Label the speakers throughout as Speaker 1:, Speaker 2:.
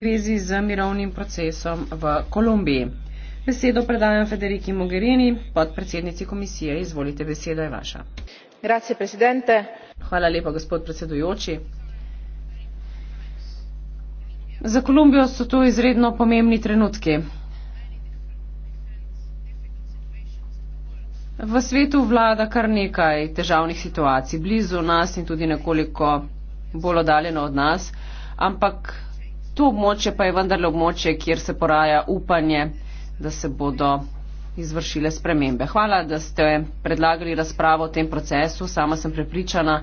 Speaker 1: krizi z mirovnim procesom v Kolumbiji. Besedo predajam Federiki Mogherini, podpredsednici komisije. Izvolite, beseda je vaša.
Speaker 2: Grazie, presidente.
Speaker 1: Hvala lepa, gospod predsedujoči.
Speaker 2: Za Kolumbijo so to izredno
Speaker 1: pomembni trenutki. V svetu vlada kar nekaj težavnih situacij, blizu nas in tudi nekoliko bolj oddaljeno od nas, ampak To območje pa je vendarle območje, kjer se poraja upanje, da se bodo izvršile spremembe. Hvala, da ste predlagali razpravo o tem procesu. Sama sem prepričana,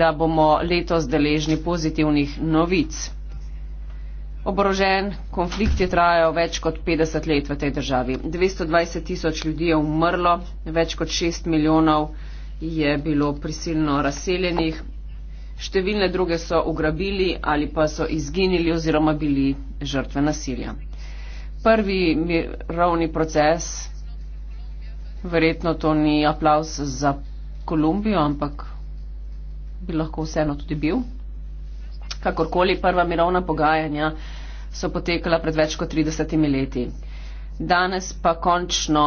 Speaker 1: da bomo letos deležni pozitivnih novic. Oborožen konflikt je trajal več kot 50 let v tej državi. 220 tisoč ljudi je umrlo, več kot 6 milijonov je bilo prisilno razseljenih številne druge so ugrabili ali pa so izginili oziroma bili žrtve nasilja. Prvi mirovni proces, verjetno to ni aplaus za Kolumbijo, ampak bi lahko vseeno tudi bil. Kakorkoli prva mirovna pogajanja so potekala pred več kot 30 leti. Danes pa končno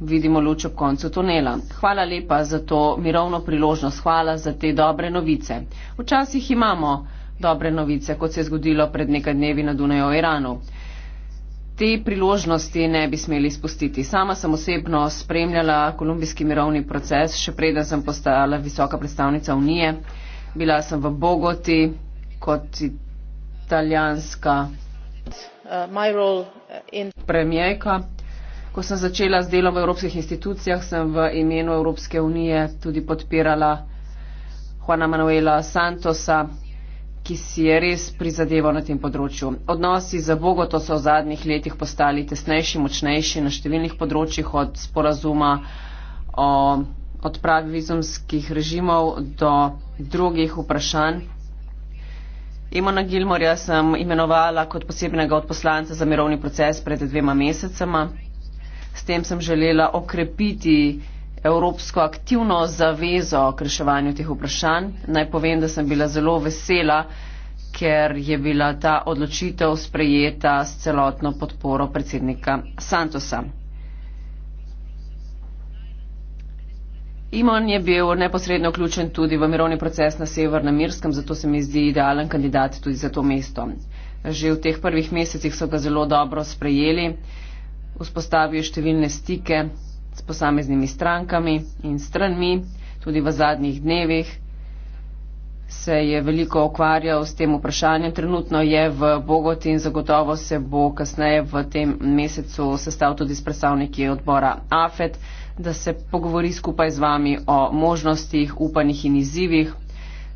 Speaker 1: vidimo luč ob koncu tunela. Hvala lepa za to mirovno priložnost, hvala za te dobre novice. Včasih imamo dobre novice, kot se je zgodilo pred nekaj dnevi na Dunaju v Iranu. Te priložnosti ne bi smeli spustiti. Sama sem osebno spremljala kolumbijski mirovni proces, še preden sem postala visoka predstavnica Unije. Bila sem v Bogoti kot italijanska uh, premijejka. Ko sem začela z delom v evropskih institucijah, sem v imenu Evropske unije tudi podpirala Juana Manuela Santosa, ki si je res prizadeval na tem področju. Odnosi za Bogoto so v zadnjih letih postali tesnejši, močnejši na številnih področjih od sporazuma o odpravi vizumskih režimov do drugih vprašanj. Imona Gilmorja sem imenovala kot posebnega odposlanca za mirovni proces pred dvema mesecema. S tem sem želela okrepiti evropsko aktivno zavezo k reševanju teh vprašanj. Naj povem, da sem bila zelo vesela, ker je bila ta odločitev sprejeta s celotno podporo predsednika Santosa. Imon je bil neposredno vključen tudi v mirovni proces na Severnem Irskem, zato se mi zdi idealen kandidat tudi za to mesto. Že v teh prvih mesecih so ga zelo dobro sprejeli vzpostavijo številne stike s posameznimi strankami in stranmi. Tudi v zadnjih dnevih se je veliko okvarjal s tem vprašanjem. Trenutno je v Bogoti in zagotovo se bo kasneje v tem mesecu sestav tudi s predstavniki odbora AFET, da se pogovori skupaj z vami o možnostih, upanjih in izzivih,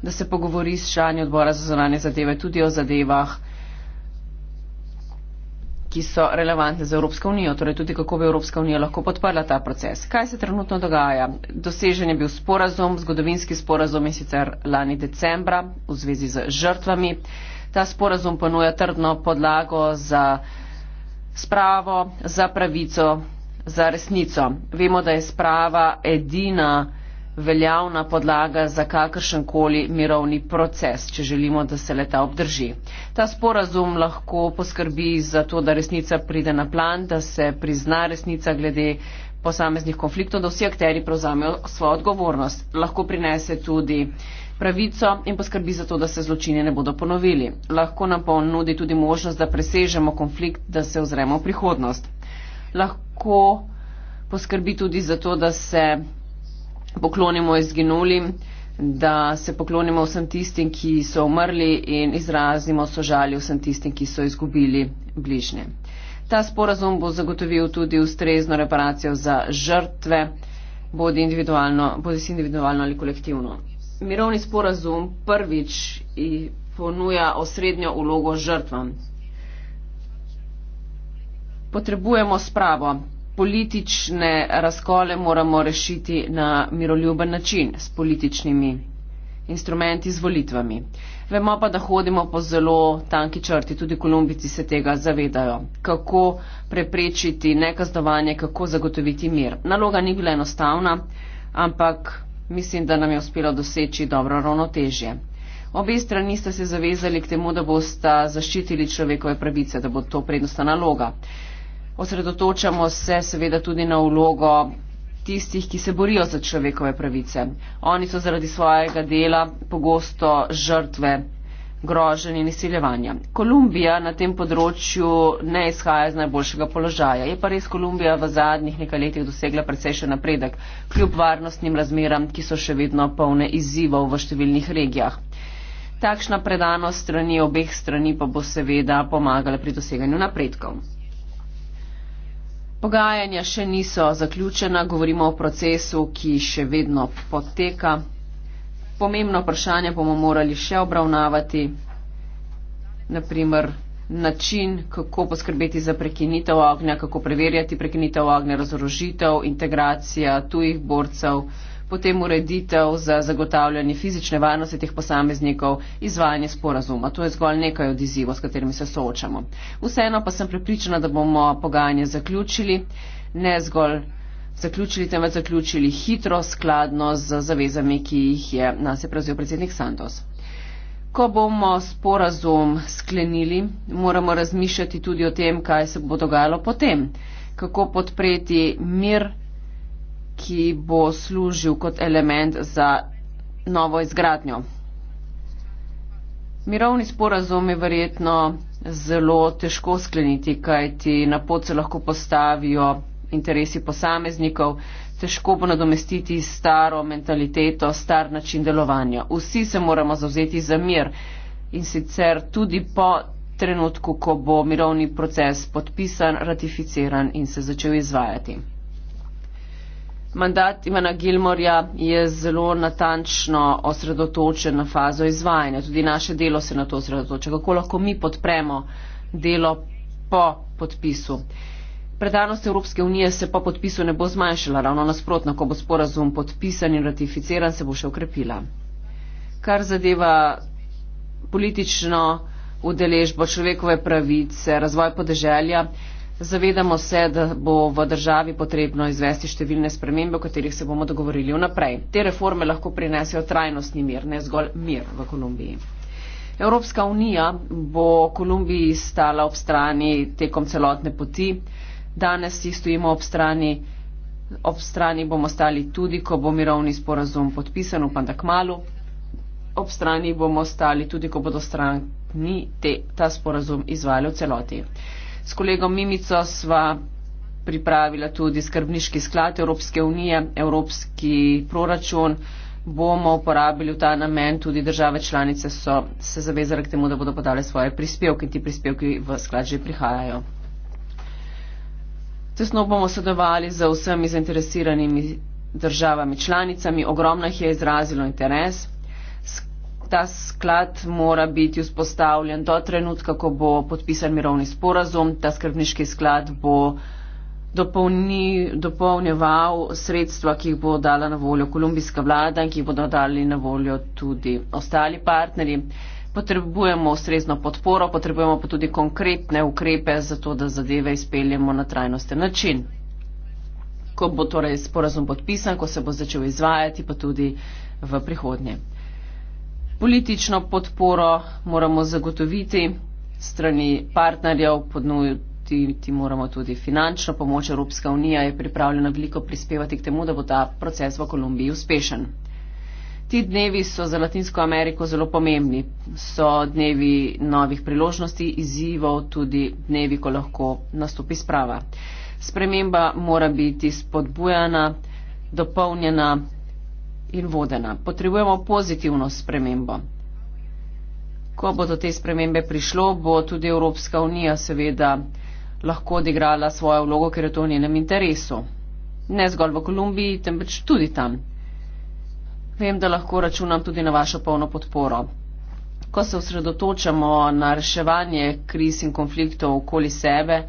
Speaker 1: da se pogovori s člani odbora za zonanje zadeve tudi o zadevah, ki so relevantne za Evropsko unijo, torej tudi kako bi Evropska unija lahko podprla ta proces. Kaj se trenutno dogaja? Dosežen je bil sporazum, zgodovinski sporazum in sicer lani decembra v zvezi z žrtvami. Ta sporazum ponuja trdno podlago za spravo, za pravico, za resnico. Vemo, da je sprava edina veljavna podlaga za kakršen koli mirovni proces, če želimo, da se leta obdrži. Ta sporazum lahko poskrbi za to, da resnica pride na plan, da se prizna resnica glede posameznih konfliktov, da vsi akteri prevzamejo svojo odgovornost. Lahko prinese tudi pravico in poskrbi za to, da se zločine ne bodo ponovili. Lahko nam ponudi tudi možnost, da presežemo konflikt, da se ozremo v prihodnost. Lahko poskrbi tudi za to, da se poklonimo izginulim, da se poklonimo vsem tistim, ki so umrli in izrazimo sožalje vsem tistim, ki so izgubili bližnje. Ta sporazum bo zagotovil tudi ustrezno reparacijo za žrtve, bodi individualno, bodi si individualno ali kolektivno. Mirovni sporazum prvič ponuja osrednjo ulogo žrtvam. Potrebujemo spravo, politične razkole moramo rešiti na miroljuben način s političnimi instrumenti z volitvami. Vemo pa, da hodimo po zelo tanki črti, tudi kolumbici se tega zavedajo. Kako preprečiti nekazdovanje, kako zagotoviti mir. Naloga ni bila enostavna, ampak mislim, da nam je uspelo doseči dobro ravnotežje. Obe strani sta se zavezali k temu, da boste zaščitili človekove pravice, da bo to prednostna naloga osredotočamo se seveda tudi na vlogo tistih, ki se borijo za človekove pravice. Oni so zaradi svojega dela pogosto žrtve groženje in izsiljevanje. Kolumbija na tem področju ne izhaja z najboljšega položaja. Je pa res Kolumbija v zadnjih nekaj letih dosegla precej še napredek, kljub varnostnim razmeram, ki so še vedno polne izzivov v številnih regijah. Takšna predanost strani obeh strani pa bo seveda pomagala pri doseganju napredkov. Pogajanja še niso zaključena, govorimo o procesu, ki še vedno poteka. Pomembno vprašanje bomo morali še obravnavati, naprimer način, kako poskrbeti za prekinitev ognja, kako preverjati prekinitev ognja, razorožitev, integracija tujih borcev potem ureditev za zagotavljanje fizične varnosti teh posameznikov, izvajanje sporazuma. To je zgolj nekaj od izzivov, s katerimi se soočamo. Vseeno pa sem prepričana, da bomo pogajanje zaključili, ne zgolj zaključili, temveč zaključili hitro, skladno z zavezami, ki jih je nas je prevzel predsednik Santos. Ko bomo sporazum sklenili, moramo razmišljati tudi o tem, kaj se bo dogajalo potem, kako podpreti mir ki bo služil kot element za novo izgradnjo. Mirovni sporazum je verjetno zelo težko skleniti, kajti na pot se lahko postavijo interesi posameznikov, težko bo nadomestiti staro mentaliteto, star način delovanja. Vsi se moramo zauzeti za mir in sicer tudi po trenutku, ko bo mirovni proces podpisan, ratificiran in se začel izvajati. Mandat Ivana Gilmorja je zelo natančno osredotočen na fazo izvajanja. Tudi naše delo se na to osredotoča. Kako lahko mi podpremo delo po podpisu? Predanost Evropske unije se po podpisu ne bo zmanjšala, ravno nasprotno, ko bo sporazum podpisan in ratificiran, se bo še ukrepila. Kar zadeva politično udeležbo človekove pravice, razvoj podeželja, Zavedamo se, da bo v državi potrebno izvesti številne spremembe, o katerih se bomo dogovorili vnaprej. Te reforme lahko prinesejo trajnostni mir, ne zgolj mir v Kolumbiji. Evropska unija bo Kolumbiji stala ob strani tekom celotne poti. Danes si stojimo ob strani, ob strani bomo stali tudi, ko bo mirovni sporazum podpisan v Pandakmalu. Ob strani bomo stali tudi, ko bodo strani te, ta sporazum izvali v celoti. S kolegom Mimico sva pripravila tudi skrbniški sklad Evropske unije, evropski proračun bomo uporabili v ta namen, tudi države članice so se zavezale k temu, da bodo podale svoje prispevke in ti prispevki v sklad že prihajajo. Tesno bomo sodelovali z vsemi zainteresiranimi državami članicami, ogromno jih je izrazilo interes ta sklad mora biti vzpostavljen do trenutka, ko bo podpisan mirovni sporazum. Ta skrbniški sklad bo dopolni, dopolnjeval sredstva, ki jih bo dala na voljo kolumbijska vlada in ki jih bodo dali na voljo tudi ostali partnerji. Potrebujemo ustrezno podporo, potrebujemo pa tudi konkretne ukrepe za to, da zadeve izpeljemo na trajnosten način. Ko bo torej sporazum podpisan, ko se bo začel izvajati, pa tudi v prihodnje. Politično podporo moramo zagotoviti strani partnerjev, ponuditi moramo tudi finančno pomoč. Evropska unija je pripravljena veliko prispevati k temu, da bo ta proces v Kolumbiji uspešen. Ti dnevi so za Latinsko Ameriko zelo pomembni. So dnevi novih priložnosti, izzivov, tudi dnevi, ko lahko nastopi sprava. Sprememba mora biti spodbujana, dopolnjena in vodena. Potrebujemo pozitivno spremembo. Ko bodo te spremembe prišlo, bo tudi Evropska unija seveda lahko odigrala svojo vlogo, ker je to v njenem interesu. Ne zgolj v Kolumbiji, temveč tudi tam. Vem, da lahko računam tudi na vašo polno podporo. Ko se osredotočamo na reševanje kriz in konfliktov okoli sebe,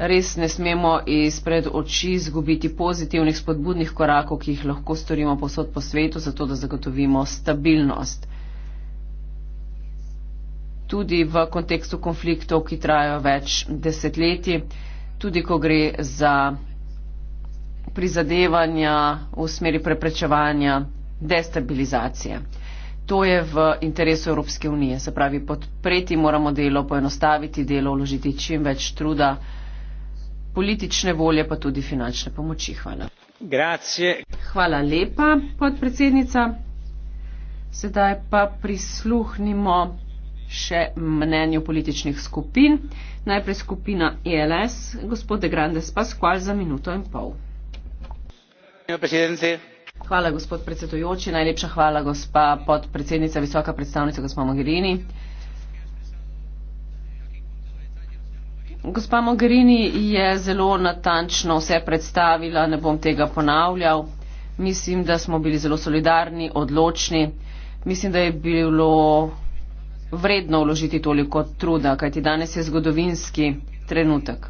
Speaker 1: res ne smemo izpred oči zgubiti pozitivnih spodbudnih korakov, ki jih lahko storimo posod po svetu, zato da zagotovimo stabilnost. Tudi v kontekstu konfliktov, ki trajajo več desetletij, tudi ko gre za prizadevanja v smeri preprečevanja destabilizacije. To je v interesu Evropske unije. Se pravi, podpreti moramo delo, poenostaviti delo, vložiti čim več truda politične volje pa tudi finančne pomoči. Hvala.
Speaker 2: Grazie. Hvala lepa,
Speaker 1: podpredsednica. Sedaj pa prisluhnimo še mnenju političnih skupin. Najprej skupina ELS, gospod De Grandes Pasqual za minuto in pol. Hvala, gospod predsedujoči. Najlepša hvala, gospa podpredsednica, visoka predstavnica, gospa Mogherini. Gospa Mogherini je zelo natančno vse predstavila, ne bom tega ponavljal. Mislim, da smo bili zelo solidarni, odločni. Mislim, da je bilo vredno vložiti toliko truda, kajti danes je zgodovinski trenutek.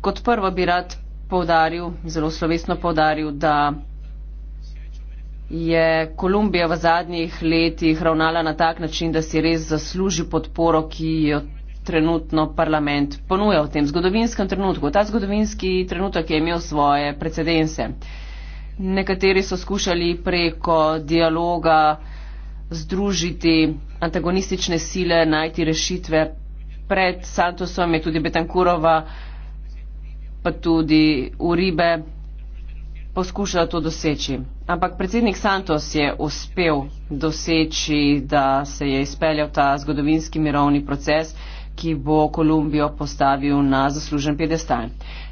Speaker 1: Kot prvo bi rad povdaril, zelo slovesno povdaril, da je Kolumbija v zadnjih letih ravnala na tak način, da si res zasluži podporo, ki jo trenutno parlament ponuja v tem zgodovinskem trenutku. Ta zgodovinski trenutek je imel svoje precedense. Nekateri so skušali preko dialoga združiti antagonistične sile, najti rešitve. Pred Santosom je tudi Betankurova, pa tudi Uribe poskušala to doseči. Ampak predsednik Santos je uspel doseči, da se je izpeljal ta zgodovinski mirovni proces ki bo Kolumbijo postavil na zaslužen pedestal.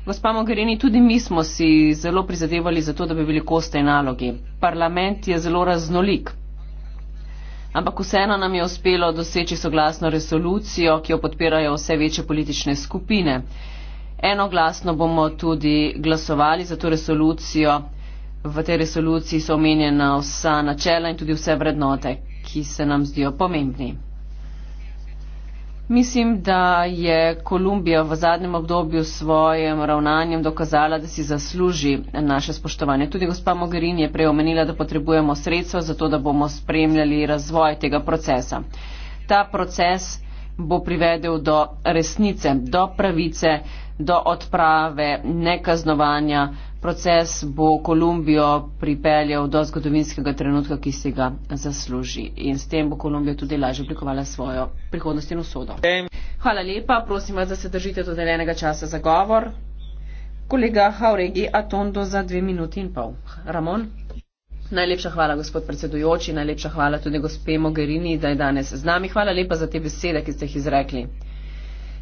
Speaker 1: Gospa Mogherini, tudi mi smo si zelo prizadevali za to, da bi bili koste nalogi. Parlament je zelo raznolik. Ampak vseeno nam je uspelo doseči soglasno resolucijo, ki jo podpirajo vse večje politične skupine. Enoglasno bomo tudi glasovali za to resolucijo. V tej resoluciji so omenjena vsa načela in tudi vse vrednote, ki se nam zdijo pomembni. Mislim, da je Kolumbija v zadnjem obdobju s svojim ravnanjem dokazala, da si zasluži naše spoštovanje. Tudi gospa Mogherini je prej omenila, da potrebujemo sredstva za to, da bomo spremljali razvoj tega procesa. Ta proces bo privedel do resnice, do pravice, do odprave, nekaznovanja. Proces bo Kolumbijo pripeljal do zgodovinskega trenutka, ki si ga zasluži. In s tem bo Kolumbija tudi lažje oblikovala svojo prihodnost in usodo. Hvala lepa, prosim vas, da se držite dodeljenega časa za govor. Kolega Hauregi Atondo za dve minuti in pol. Ramon. Najlepša hvala, gospod predsedujoči, najlepša hvala tudi gospe Mogherini, da je danes z nami. Hvala lepa za te besede, ki ste jih izrekli.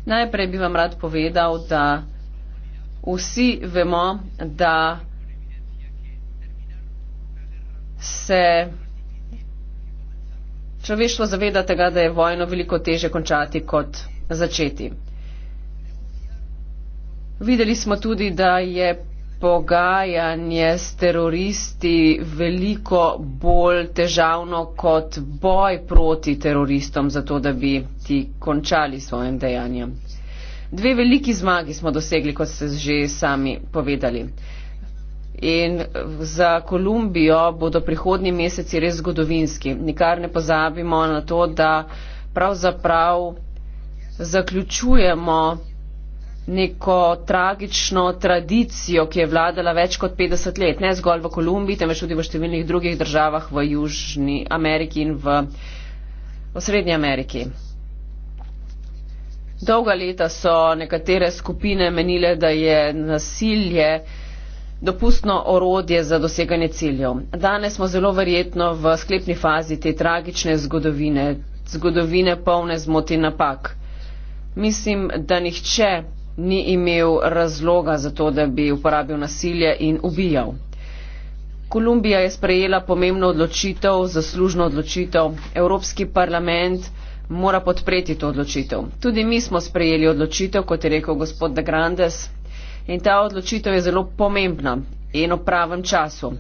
Speaker 1: Najprej bi vam rad povedal, da vsi vemo, da se človeštvo zaveda tega, da je vojno veliko teže končati kot začeti. Videli smo tudi, da je pogajanje s teroristi veliko bolj težavno kot boj proti teroristom, zato da bi ti končali svojim dejanjem. Dve veliki zmagi smo dosegli, kot ste že sami povedali. In za Kolumbijo bodo prihodnji meseci res zgodovinski. Nikar ne pozabimo na to, da pravzaprav zaključujemo neko tragično tradicijo, ki je vladala več kot 50 let, ne zgolj v Kolumbiji, temveč tudi v številnih drugih državah v Južni Ameriki in v, v Srednji Ameriki. Dolga leta so nekatere skupine menile, da je nasilje dopustno orodje za doseganje ciljev. Danes smo zelo verjetno v sklepni fazi te tragične zgodovine, zgodovine polne zmoti napak. Mislim, da nihče ni imel razloga za to, da bi uporabil nasilje in ubijal. Kolumbija je sprejela pomembno odločitev, zaslužno odločitev. Evropski parlament mora podpreti to odločitev. Tudi mi smo sprejeli odločitev, kot je rekel gospod De Grandes. In ta odločitev je zelo pomembna in v pravem času.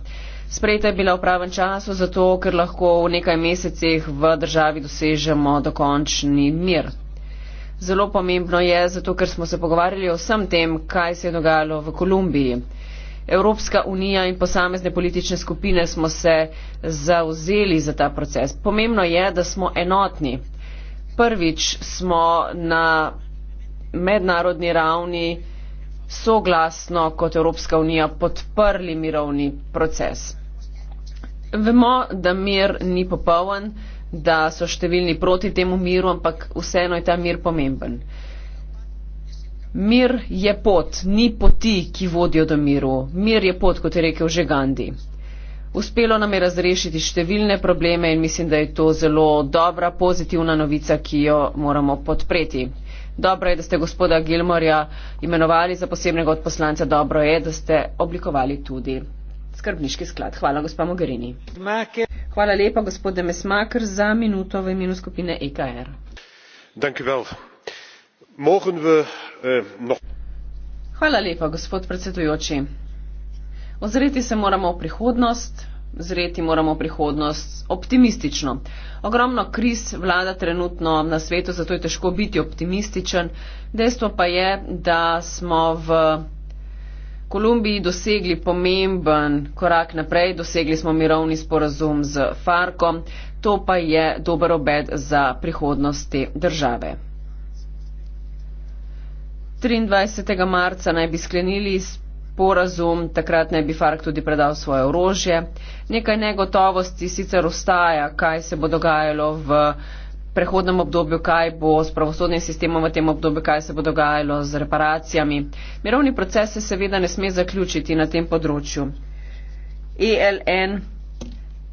Speaker 1: Sprejeta je bila v pravem času, zato ker lahko v nekaj mesecih v državi dosežemo dokončni mir. Zelo pomembno je, zato ker smo se pogovarjali o vsem tem, kaj se je dogajalo v Kolumbiji. Evropska unija in posamezne politične skupine smo se zauzeli za ta proces. Pomembno je, da smo enotni. Prvič smo na mednarodni ravni soglasno kot Evropska unija podprli mirovni proces. Vemo, da mir ni popoln da so številni proti temu miru, ampak vseeno je ta mir pomemben. Mir je pot, ni poti, ki vodijo do miru. Mir je pot, kot je rekel že Gandhi. Uspelo nam je razrešiti številne probleme in mislim, da je to zelo dobra, pozitivna novica, ki jo moramo podpreti. Dobro je, da ste gospoda Gilmorja imenovali za posebnega odposlanca, dobro je, da ste oblikovali tudi skrbniški sklad. Hvala, gospa Mogherini. Hvala lepa, gospod Demesmaker, za minuto v imenu skupine EKR.
Speaker 2: Eh,
Speaker 1: Hvala lepa, gospod predsedujoči. Ozreti se moramo v prihodnost, zreti moramo v prihodnost optimistično. Ogromno kriz vlada trenutno na svetu, zato je težko biti optimističen. Dejstvo pa je, da smo v Kolumbiji dosegli pomemben korak naprej, dosegli smo mirovni sporazum z Farko, to pa je dober obed za prihodnost te države. 23. marca naj bi sklenili sporazum, takrat naj bi Fark tudi predal svoje orožje. Nekaj negotovosti sicer ostaja, kaj se bo dogajalo v prehodnem obdobju, kaj bo s pravosodnim sistemom v tem obdobju, kaj se bo dogajalo z reparacijami. Mirovni proces se seveda ne sme zaključiti na tem področju. ELN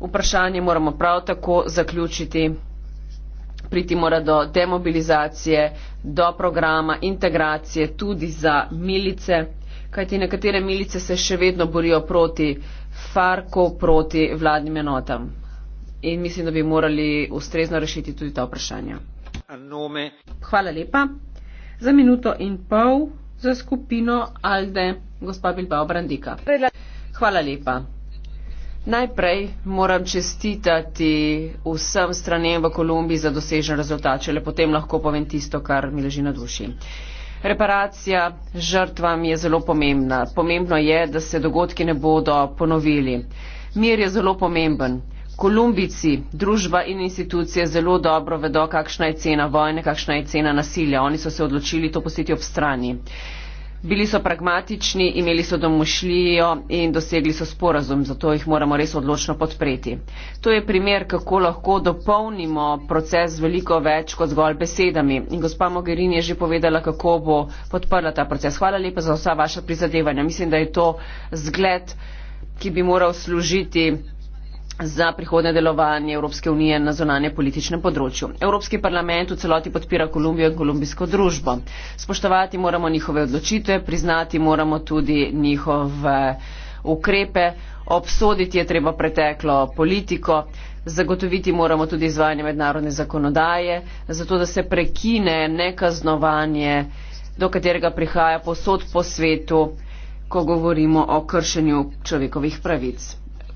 Speaker 1: vprašanje moramo prav tako zaključiti. Priti mora do demobilizacije, do programa integracije tudi za milice, kajti nekatere milice se še vedno borijo proti Farko, proti vladnim enotam in mislim, da bi morali ustrezno rešiti tudi ta vprašanja. Hvala lepa. Za minuto in pol za skupino Alde, gospa Bilbao Brandika. Hvala lepa. Najprej moram čestitati vsem stranem v Kolumbiji za dosežen rezultat, če le potem lahko povem tisto, kar mi leži na duši. Reparacija žrtvam je zelo pomembna. Pomembno je, da se dogodki ne bodo ponovili. Mir je zelo pomemben. Kolumbici družba in institucije zelo dobro vedo, kakšna je cena vojne, kakšna je cena nasilja. Oni so se odločili to pustiti ob strani. Bili so pragmatični, imeli so domušljijo in dosegli so sporazum, zato jih moramo res odločno podpreti. To je primer, kako lahko dopolnimo proces veliko več kot zgolj besedami. In gospa Mogherini je že povedala, kako bo podprla ta proces. Hvala lepa za vsa vaša prizadevanja. Mislim, da je to zgled, ki bi moral služiti za prihodne delovanje Evropske unije na zonanje političnem področju. Evropski parlament v celoti podpira Kolumbijo in kolumbijsko družbo. Spoštovati moramo njihove odločitve, priznati moramo tudi njihove ukrepe, obsoditi je treba preteklo politiko, zagotoviti moramo tudi izvajanje mednarodne zakonodaje, zato da se prekine nekaznovanje, do katerega prihaja posod po svetu, ko govorimo o kršenju človekovih pravic.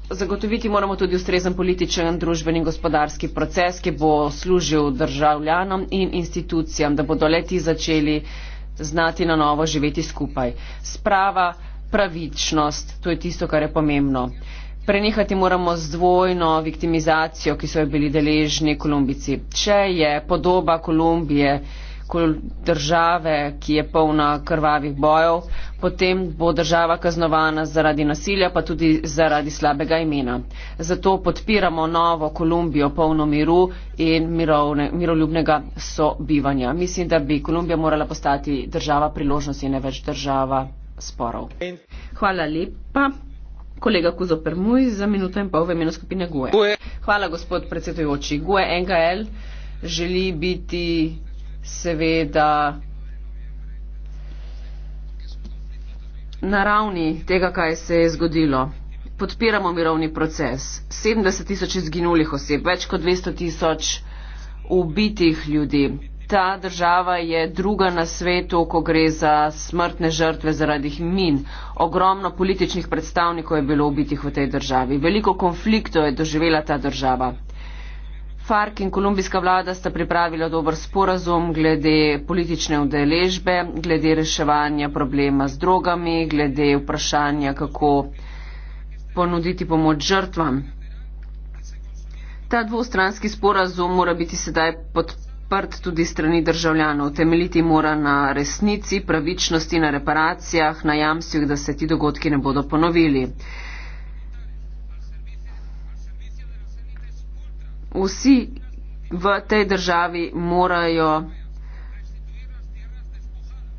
Speaker 1: Zagotoviti moramo tudi ustrezen političen, družbeni in gospodarski proces, ki bo služil državljanom in institucijam, da bodo leti začeli znati na novo živeti skupaj. Sprava, pravičnost, to je tisto, kar je pomembno. Prenehati moramo z dvojno viktimizacijo, ki so jo bili deležni Kolumbici. Če je podoba Kolumbije države, ki je polna krvavih bojev, potem bo država kaznovana zaradi nasilja, pa tudi zaradi slabega imena. Zato podpiramo novo Kolumbijo polno miru in mirovne, miroljubnega sobivanja. Mislim, da bi Kolumbija morala postati država priložnosti in ne več država sporov. Hvala lepa. Kolega Kuzo Permuj za minuto in pol v imenu skupine GUE. Hvala, gospod predsedujoči. GUE NGL želi biti seveda na ravni tega, kaj se je zgodilo. Podpiramo mirovni proces. 70 tisoč izginulih oseb, več kot 200 tisoč ubitih ljudi. Ta država je druga na svetu, ko gre za smrtne žrtve zaradi min. Ogromno političnih predstavnikov je bilo ubitih v tej državi. Veliko konfliktov je doživela ta država. FARC in kolumbijska vlada sta pripravila dober sporazum glede politične udeležbe, glede reševanja problema z drogami, glede vprašanja, kako ponuditi pomoč žrtvam. Ta dvostranski sporazum mora biti sedaj podprt tudi strani državljanov. Temeljiti mora na resnici, pravičnosti, na reparacijah, na jamstvih, da se ti dogodki ne bodo ponovili. vsi v tej državi morajo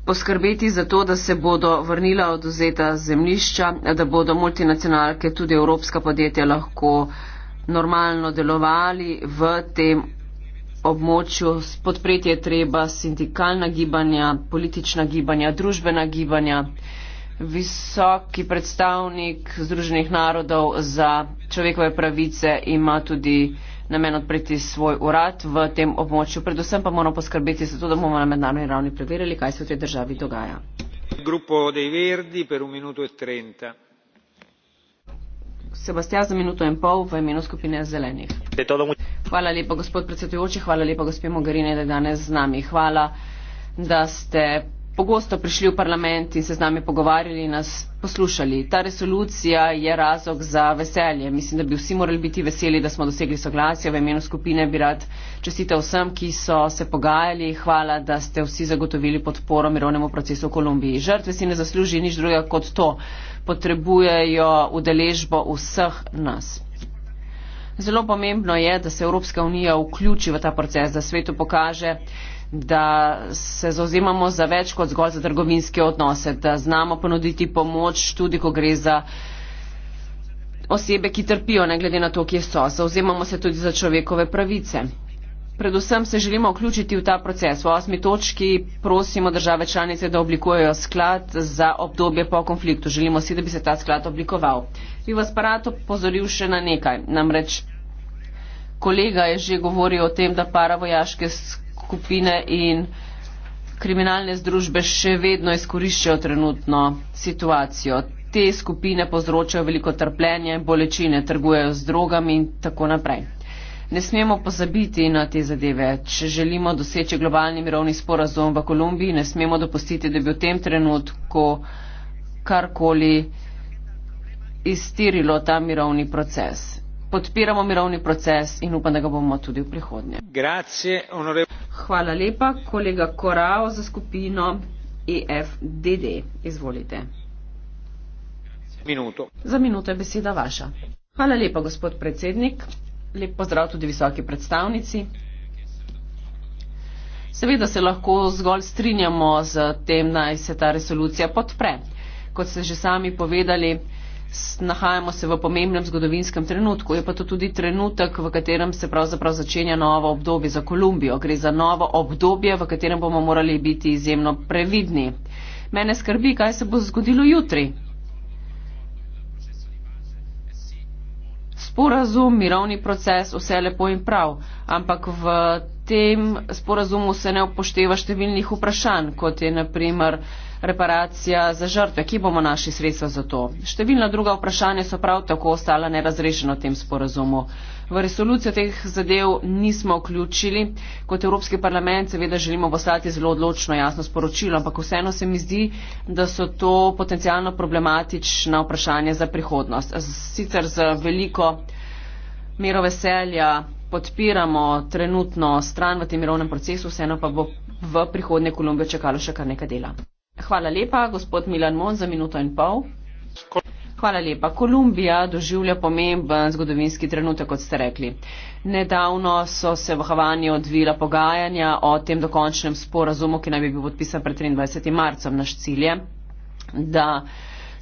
Speaker 1: poskrbeti za to, da se bodo vrnila oduzeta zemlišča, da bodo multinacionalke, tudi evropska podjetja lahko normalno delovali v tem območju. Podpreti je treba sindikalna gibanja, politična gibanja, družbena gibanja. Visoki predstavnik Združenih narodov za človekove pravice ima tudi namen odpreti svoj urad v tem območju. Predvsem pa moramo poskrbeti za to, da bomo na mednarodni ravni preverili, kaj se v tej državi dogaja.
Speaker 2: E
Speaker 1: Sebastian, za minuto in pol v imenu skupine zelenih. Hvala lepa, gospod predsedujoči, hvala lepa, gospod Mogarine, da je danes z nami. Hvala, da ste pogosto prišli v parlament in se z nami pogovarjali in nas poslušali. Ta resolucija je razlog za veselje. Mislim, da bi vsi morali biti veseli, da smo dosegli soglasje. V imenu skupine bi rad čestitev vsem, ki so se pogajali. Hvala, da ste vsi zagotovili podporo mirovnemu procesu v Kolumbiji. Žrtve si ne zaslužijo nič drugega kot to. Potrebujejo udeležbo vseh nas. Zelo pomembno je, da se Evropska unija vključi v ta proces, da svetu pokaže, da se zauzemamo za več kot zgolj za trgovinske odnose, da znamo ponuditi pomoč tudi, ko gre za osebe, ki trpijo, ne glede na to, kje so. Zauzemamo se tudi za človekove pravice. Predvsem se želimo vključiti v ta proces. V osmi točki prosimo države članice, da oblikujejo sklad za obdobje po konfliktu. Želimo si, da bi se ta sklad oblikoval. Bi vas pa rad opozoril še na nekaj. Namreč kolega je že govoril o tem, da paravojaške sklade skupine in kriminalne združbe še vedno izkoriščajo trenutno situacijo. Te skupine povzročajo veliko trpljenja in bolečine, trgujejo z drogami in tako naprej. Ne smemo pozabiti na te zadeve. Če želimo doseči globalni mirovni sporazum v Kolumbiji, ne smemo dopustiti, da bi v tem trenutku karkoli iztirilo ta mirovni proces podpiramo mirovni proces in upam, da ga bomo tudi v prihodnje.
Speaker 2: Grazie, Hvala lepa, kolega Korao
Speaker 1: za skupino EFDD. Izvolite.
Speaker 2: Minuto. Za minuto
Speaker 1: je beseda vaša. Hvala lepa, gospod predsednik. Lep pozdrav tudi visoki predstavnici. Seveda se lahko zgolj strinjamo z tem, da se ta resolucija podpre. Kot ste že sami povedali, nahajamo se v pomembnem zgodovinskem trenutku. Je pa to tudi trenutek, v katerem se pravzaprav začenja novo obdobje za Kolumbijo. Gre za novo obdobje, v katerem bomo morali biti izjemno previdni. Mene skrbi, kaj se bo zgodilo jutri. Sporazum, mirovni proces, vse lepo in prav, ampak v tem sporazumu se ne upošteva številnih vprašanj, kot je naprimer reparacija za žrtve, ki bomo našli sredstva za to. Številna druga vprašanja so prav tako ostala nerazrešena v tem sporazumu. V resolucijo teh zadev nismo vključili. Kot Evropski parlament seveda želimo poslati zelo odločno jasno sporočilo, ampak vseeno se mi zdi, da so to potencijalno problematična vprašanja za prihodnost. Sicer z veliko mero veselja podpiramo trenutno stran v tem mirovnem procesu, vseeno pa bo v prihodnje Kolumbijo čakalo še kar nekaj dela. Hvala lepa, gospod Milan Mon, za minuto in pol. Hvala lepa. Kolumbija doživlja pomemben zgodovinski trenutek, kot ste rekli. Nedavno so se v Havani odvila pogajanja o tem dokončnem sporazumu, ki naj bi bil podpisan pred 23. marcem. Naš cilj je, da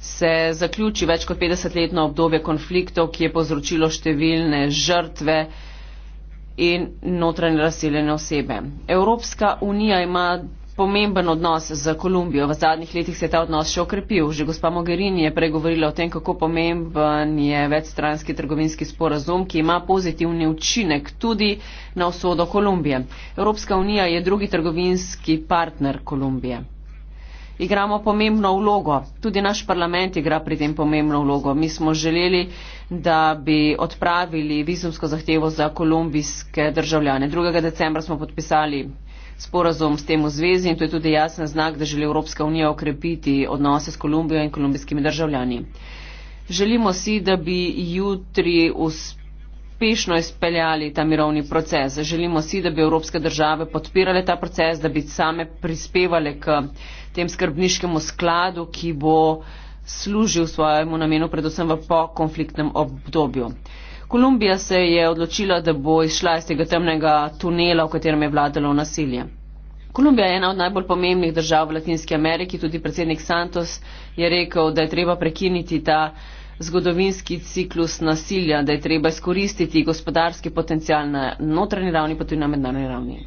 Speaker 1: se zaključi več kot 50-letno obdobje konfliktov, ki je povzročilo številne žrtve in notranje razseljene osebe. Evropska unija ima pomemben odnos z Kolumbijo. V zadnjih letih se je ta odnos še okrepil. Že gospa Mogherini je pregovorila o tem, kako pomemben je večstranski trgovinski sporazum, ki ima pozitivni učinek tudi na usodo Kolumbije. Evropska unija je drugi trgovinski partner Kolumbije. Igramo pomembno vlogo. Tudi naš parlament igra pri tem pomembno vlogo. Mi smo želeli, da bi odpravili vizumsko zahtevo za kolumbijske državljane. 2. decembra smo podpisali sporazum s tem v zvezi in to je tudi jasen znak, da želi Evropska unija okrepiti odnose s Kolumbijo in kolumbijskimi državljani. Želimo si, da bi jutri uspešno izpeljali ta mirovni proces. Želimo si, da bi evropske države podpirale ta proces, da bi same prispevale k tem skrbniškemu skladu, ki bo služil svojemu namenu predvsem v pokonfliktnem obdobju. Kolumbija se je odločila, da bo izšla iz tega temnega tunela, v katerem je vladalo nasilje. Kolumbija je ena od najbolj pomembnih držav v Latinski Ameriki. Tudi predsednik Santos je rekel, da je treba prekiniti ta zgodovinski ciklus nasilja, da je treba izkoristiti gospodarski potencial na notranji ravni, pa tudi na mednarodni ravni.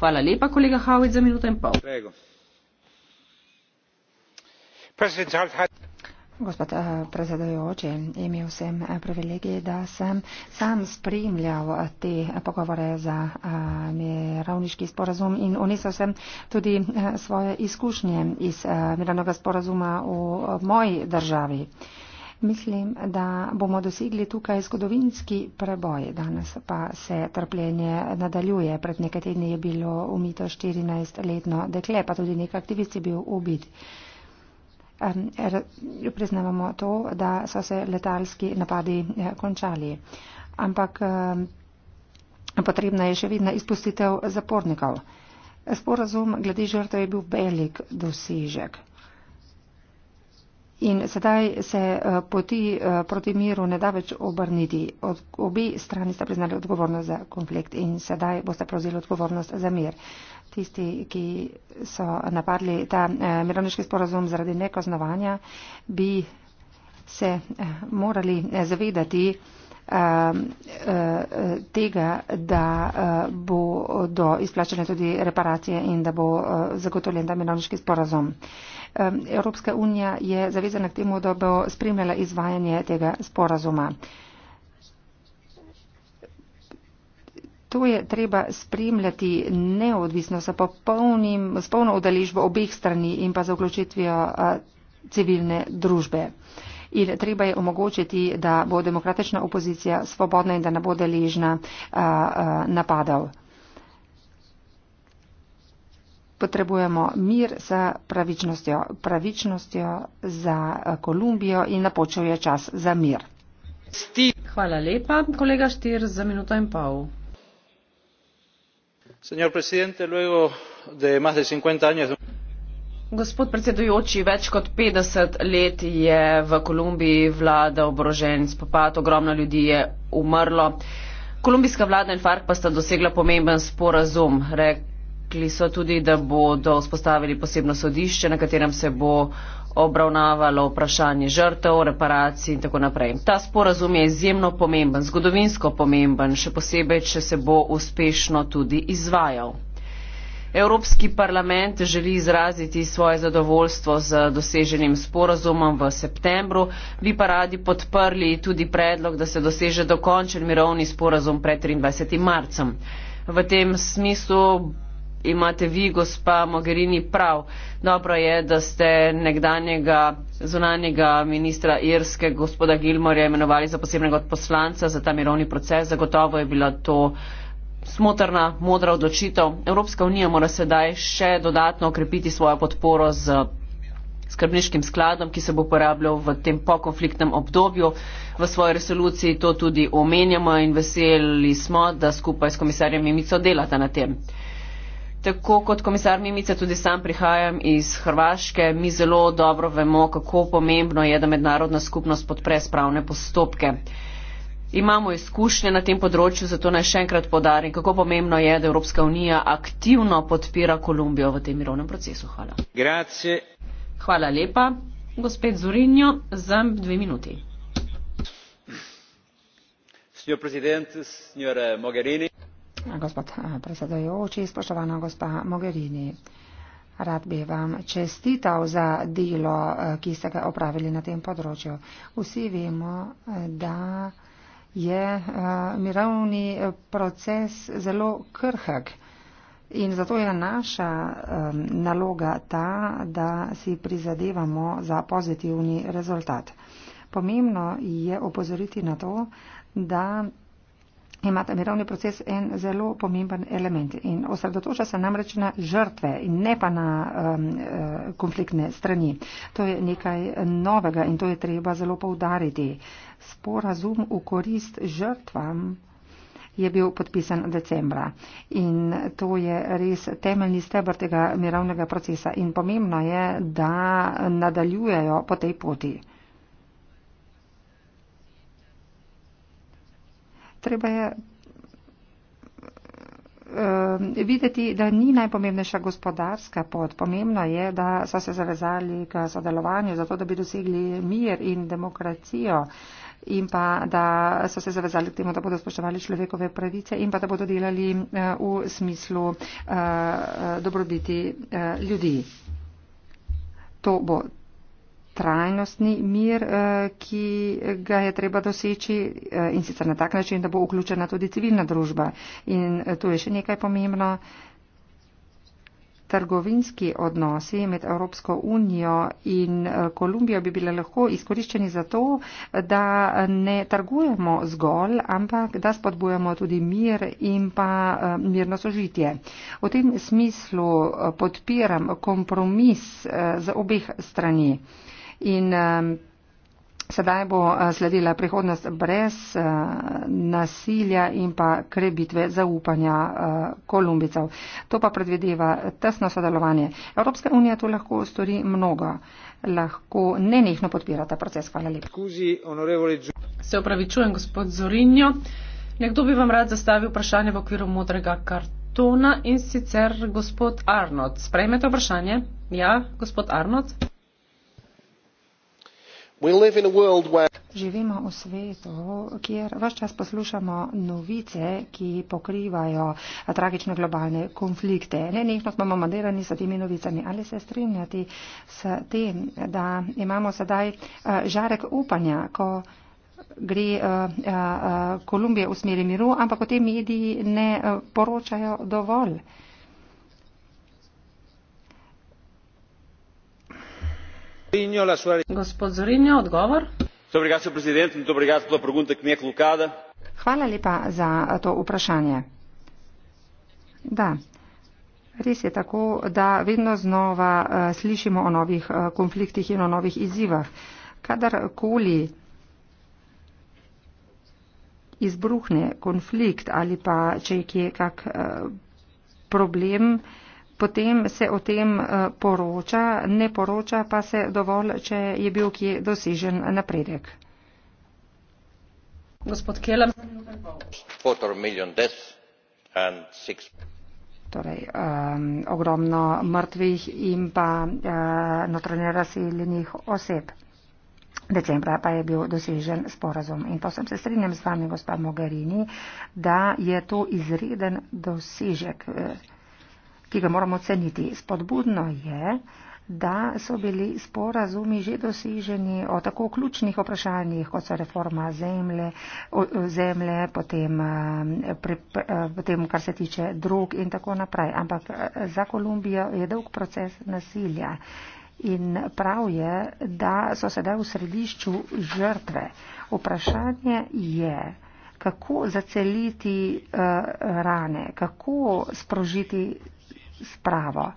Speaker 1: Hvala lepa, kolega Havid, za minuto in pol.
Speaker 3: Gospod eh, predsedujoči, imel sem eh, privilegij, da sem sam spremljal eh, te pogovore za mirovniški sporazum in unesel sem tudi svoje izkušnje iz mirovnega sporazuma v moji državi. Mislim, da bomo dosegli tukaj zgodovinski preboj. Danes pa se trpljenje nadaljuje. Pred nekaj tedni je bilo umito 14-letno dekle, pa tudi nek aktivist je bil ubit priznavamo to, da so se letalski napadi eh, končali. Ampak potrebna je še vedno izpustitev zapornikov. Sporazum glede žrtev je bil velik dosežek. In sedaj se eh, poti eh, proti miru ne da več obrniti. Od, obi strani sta priznali odgovornost za konflikt in sedaj boste prevzeli odgovornost za mir tisti, ki so napadli ta eh, mirovniški sporazum zaradi nekoznovanja, bi se eh, morali eh, zavedati eh, eh, tega, da eh, bo do izplačene tudi reparacije in da bo eh, zagotovljen ta mirovniški sporazum. Eh, Evropska unija je zavezana k temu, da bo spremljala izvajanje tega sporazuma. Eh, To je treba spremljati neodvisno, s, popolnim, s polno udeležbo obeh strani in pa z vključitvijo civilne družbe. In treba je omogočiti, da bo demokratična opozicija svobodna in da ne bo deležna a, a, napadov. Potrebujemo mir s pravičnostjo, pravičnostjo za Kolumbijo in napočil je čas za mir.
Speaker 2: Hvala lepa, kolega Štir, za minuto in pol
Speaker 1: gospod predsedujoči več kot petdeset let je v kolumbiji vlada oborožen spopad ogromno ljudi je umrlo kolumbijska vlada in farc pa sta dosegla pomemben sporazum rekli so tudi da bodo vzpostavili posebno sodišče na katerem se bo obravnavalo vprašanje žrtev, reparacij in tako naprej. Ta sporazum je izjemno pomemben, zgodovinsko pomemben, še posebej, če se bo uspešno tudi izvajal. Evropski parlament želi izraziti svoje zadovoljstvo z doseženim sporazumom v septembru, bi pa radi podprli tudi predlog, da se doseže dokončen mirovni sporazum pred 23. marcem. V tem smislu imate vi, gospa Mogherini, prav. Dobro je, da ste nekdanjega zunanjega ministra Irske, gospoda Gilmorja, imenovali za posebnega odposlanca za ta mirovni proces. Zagotovo je bila to smotrna, modra odločitev. Evropska unija mora sedaj še dodatno okrepiti svojo podporo z skrbniškim skladom, ki se bo uporabljal v tem pokonfliktnem obdobju. V svoji resoluciji to tudi omenjamo in veseli smo, da skupaj s komisarjem Mimico delate na tem. Tako kot komisar Mimica, tudi sam prihajam iz Hrvaške, mi zelo dobro vemo, kako pomembno je, da mednarodna skupnost podpre spravne postopke. Imamo izkušnje na tem področju, zato naj še enkrat podarim, kako pomembno je, da Evropska unija aktivno podpira Kolumbijo v tem mirovnem procesu. Hvala.
Speaker 2: Grazie.
Speaker 1: Hvala lepa,
Speaker 2: gospod Zurinjo, za dve minuti. Signor Presidente, signora Mogherini
Speaker 3: gospod eh, predsedojoči, spoštovana gospa Mogherini. Rad bi vam čestital za delo, eh, ki ste ga opravili na tem področju. Vsi vemo, eh, da je mirovni proces zelo krhek in zato je naša naloga ta, da si prizadevamo za pozitivni rezultat. Pomembno je opozoriti na to, da imata mirovni proces en zelo pomemben element in osredotoča se namreč na žrtve in ne pa na um, eh, konfliktne strani. To je nekaj novega in to je treba zelo poudariti. Sporazum v korist žrtvam je bil podpisan decembra in to je res temeljni stebr tega mirovnega procesa in pomembno je, da nadaljujejo po tej poti. treba je uh, videti, da ni najpomembnejša gospodarska pot. Pomembno je, da so se zavezali k sodelovanju, zato da bi dosegli mir in demokracijo in pa da so se zavezali k temu, da bodo spoštovali človekove pravice in pa da bodo delali eh, v smislu uh, dobrobiti uh, ljudi. To bo trajnostni mir, eh, ki ga je treba doseči eh, in sicer na tak način, da bo vključena tudi civilna družba. In eh, tu je še nekaj pomembno. Trgovinski odnosi med Evropsko unijo in Kolumbijo bi bile lahko izkoriščeni za to, da ne trgujemo zgolj, ampak da spodbujamo tudi mir in pa mirno sožitje. V tem smislu podpiram kompromis z obeh strani. In um, sedaj bo uh, sledila prihodnost brez uh, nasilja in pa krebitve zaupanja uh, Kolumbicev. To pa predvideva tesno sodelovanje. Evropska unija tu lahko stori mnogo. Lahko nenehno podpira ta proces. Hvala lepa.
Speaker 2: Se upravičujem, gospod Zorinjo. Nekdo bi vam rad zastavil vprašanje v okviru modrega kartona in sicer gospod Arnold. Sprejmete vprašanje?
Speaker 3: Ja, gospod Arnold. Živimo v svetu, kjer vse čas poslušamo novice, ki pokrivajo tragične globalne konflikte. Ne, nekno smo mandirani s temi novicami. Ali se strinjati s tem, da imamo sedaj eh, žarek upanja, ko gre eh, eh, Kolumbija v smeri miru, ampak o tem mediji ne poročajo dovolj? gospod Zorinjo, odgovor. Hvala lepa za eh, to vprašanje. Da, res je tako, da vedno znova eh, slišimo o novih eh, konfliktih in o novih izzivah. Kadarkoli izbruhne konflikt ali pa če je kje kak problem, potem se o tem eh, poroča, ne poroča pa se dovolj, če je bil kje dosežen napredek. Gospod Kelem. Torej, um, ogromno mrtvih in pa uh, notranje razseljenih oseb. Decembra pa je bil dosežen sporazum. In posem se strinjam s vami, gospod Mogherini, da je to izreden dosežek. Uh, ki ga moramo ceniti. Spodbudno je, da so bili sporazumi že doseženi o tako ključnih vprašanjih, kot so reforma zemlje, zemlje potem, eh, pre, eh, potem kar se tiče drug in tako naprej. Ampak eh, za Kolumbijo je dolg proces nasilja in prav je, da so sedaj v središču žrtve. Vprašanje je, kako zaceliti uh, rane, kako sprožiti spravo.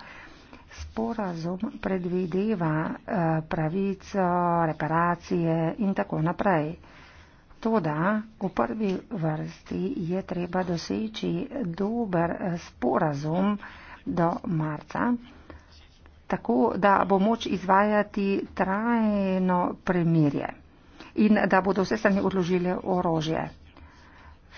Speaker 3: Sporazum predvideva eh, pravico, reparacije in tako naprej. Toda v prvi vrsti je treba doseči dober eh, sporazum do marca, tako da bo moč izvajati trajno premirje in da bodo vse strani odložile orožje.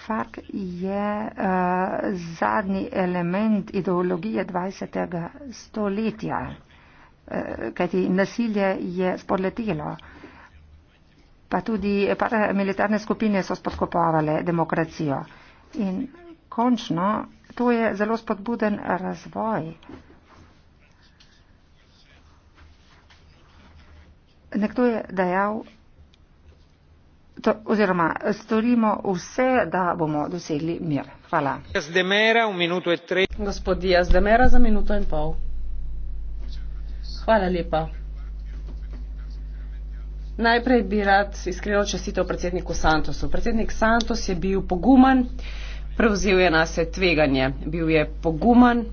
Speaker 3: Fark je uh, zadnji element ideologije 20. stoletja, uh, kajti nasilje je spodletelo, pa tudi paramilitarne skupine so spodkopavale demokracijo. In končno, to je zelo spodbuden razvoj. Nekdo je dejal, oziroma storimo vse, da bomo dosegli mir. Hvala.
Speaker 2: E Gospod Diaz de Mera za minuto in pol. Hvala lepa. Najprej bi rad
Speaker 1: iskreno čestitev predsedniku Santosu. Predsednik Santos je bil poguman, prevzel je na se tveganje. Bil je poguman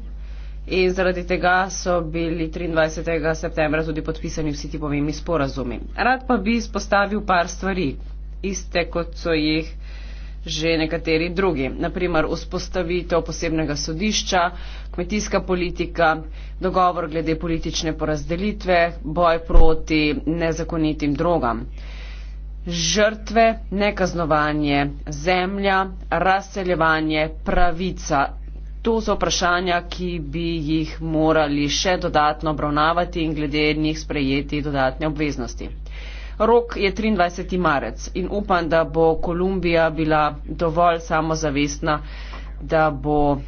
Speaker 1: in zaradi tega so bili 23. septembra tudi podpisani vsi ti pomembni sporazumi. Rad pa bi izpostavil par stvari iste, kot so jih že nekateri drugi. Naprimer, vzpostavitev posebnega sodišča, kmetijska politika, dogovor glede politične porazdelitve, boj proti nezakonitim drogam. Žrtve, nekaznovanje, zemlja, razseljevanje, pravica. To so vprašanja, ki bi jih morali še dodatno obravnavati in glede njih sprejeti dodatne obveznosti. Rok je 23. marec in upam, da bo Kolumbija bila dovolj samozavestna, da bo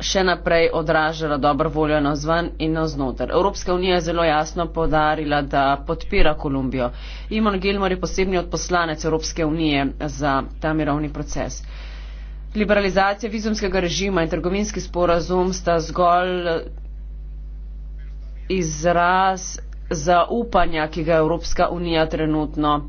Speaker 1: še naprej odražala dobro voljo na zven in na znotraj. Evropska unija je zelo jasno podarila, da podpira Kolumbijo. Imon Gilmor je posebni odposlanec Evropske unije za ta mirovni proces. Liberalizacija vizumskega režima in trgovinski sporazum sta zgolj izraz zaupanja, ki ga Evropska unija trenutno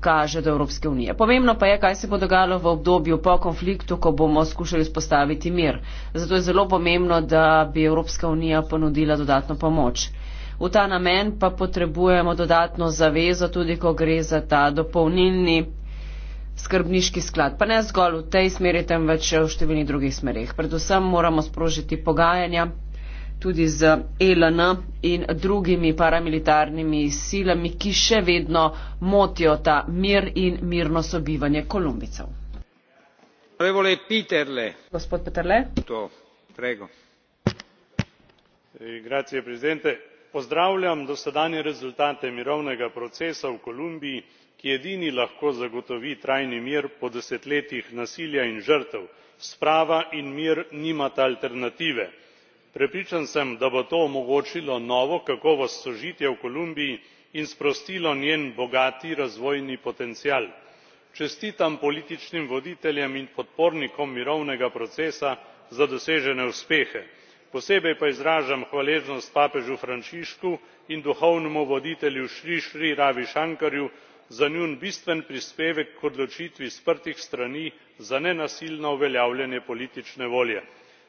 Speaker 1: kaže do Evropske unije. Pomembno pa je, kaj se bo dogajalo v obdobju po konfliktu, ko bomo skušali spostaviti mir. Zato je zelo pomembno, da bi Evropska unija ponudila dodatno pomoč. V ta namen pa potrebujemo dodatno zavezo, tudi ko gre za ta dopolnilni skrbniški sklad. Pa ne zgolj v tej smeri, temveč v številnih drugih smerih. Predvsem moramo sprožiti pogajanja tudi z ELN in drugimi paramilitarnimi silami, ki še vedno motijo ta mir in mirno sobivanje Kolumbicev.
Speaker 2: Peterle. Gospod Peterle. To, eh, Grazie, prezidente. Pozdravljam dosedanje rezultate mirovnega procesa v Kolumbiji, ki edini lahko zagotovi trajni mir po desetletjih nasilja in žrtev. Sprava in mir nimata alternative prepričan sem da bo to omogočilo novo kakovost sožitja v kolumbiji in sprostilo njen bogati razvojni potencial. čestitam političnim voditeljem in podpornikom mirovnega procesa za dosežene uspehe posebej pa izražam hvaležnost papežu frančišku in duhovnemu voditelju sri sri ravi šankarju za njun bistven prispevek k odločitvi sprtih strani za nenasilno uveljavljanje politične volje.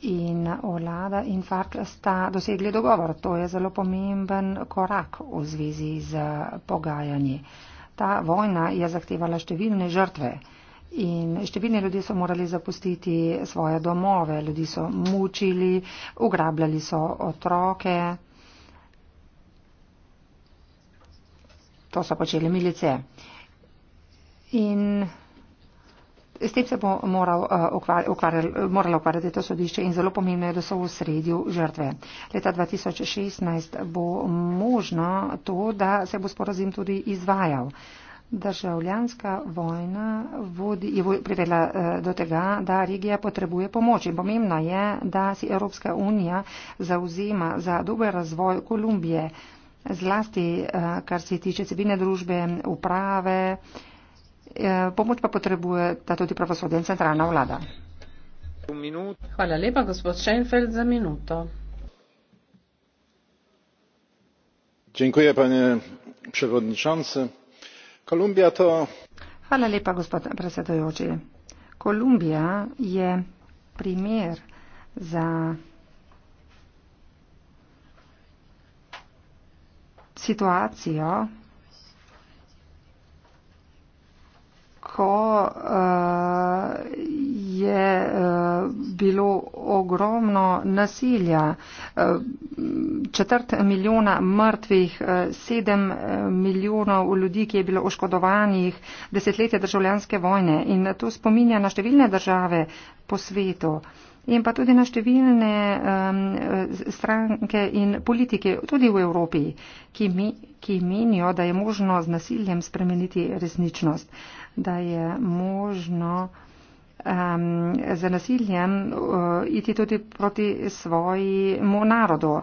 Speaker 3: in olada in Farkle sta dosegli dogovor. To je zelo pomemben korak v zvezi z pogajanji. Ta vojna je zahtevala številne žrtve in številni ljudje so morali zapustiti svoje domove, ljudi so mučili, ugrabljali so otroke. To so počeli milice. In S tem se bo moral, uh, ukvarjal, moralo ukvarjati to sodišče in zelo pomembno je, da so v sredju žrtve. Leta 2016 bo možno to, da se bo sporazum tudi izvajal. Državljanska vojna vodi, je privedla uh, do tega, da regija potrebuje pomoč in pomembno je, da si Evropska unija zauzema za dober razvoj Kolumbije, zlasti uh, kar se tiče civilne družbe, uprave. Uh, Eh, pomoč pa potrebuje ta tudi pravosodje in centralna vlada.
Speaker 2: Hvala lepa, gospod Šenfeld, za minuto. Dziękuję, panie przewodniczący. Kolumbia to.
Speaker 3: Hvala lepa, gospod predsedujoči. Kolumbija je primer za situacijo, dejansko uh, eh, je uh, bilo ogromno nasilja. Uh, četrt milijona mrtvih, sedem uh, milijonov ljudi, ki je bilo oškodovanih, desetletje državljanske vojne. In to spominja na številne države po svetu. In pa tudi na številne um, stranke in politike, tudi v Evropi, ki, mi, ki menijo, da je možno z nasiljem spremeniti resničnost da je možno um, z nasiljem uh, iti tudi proti svojemu narodu.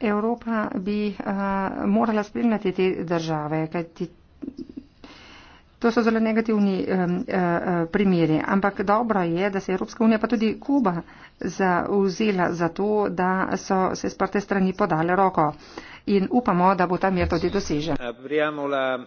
Speaker 3: Evropa bi uh, morala spremljati te države, kajti to so zelo negativni uh, uh, primeri. Ampak dobro je, da se je Evropska unija pa tudi Kuba zauzela za to, da so se sprte strani podale roko. In upamo, da bo ta mir tudi dosežen.
Speaker 2: Apriamo la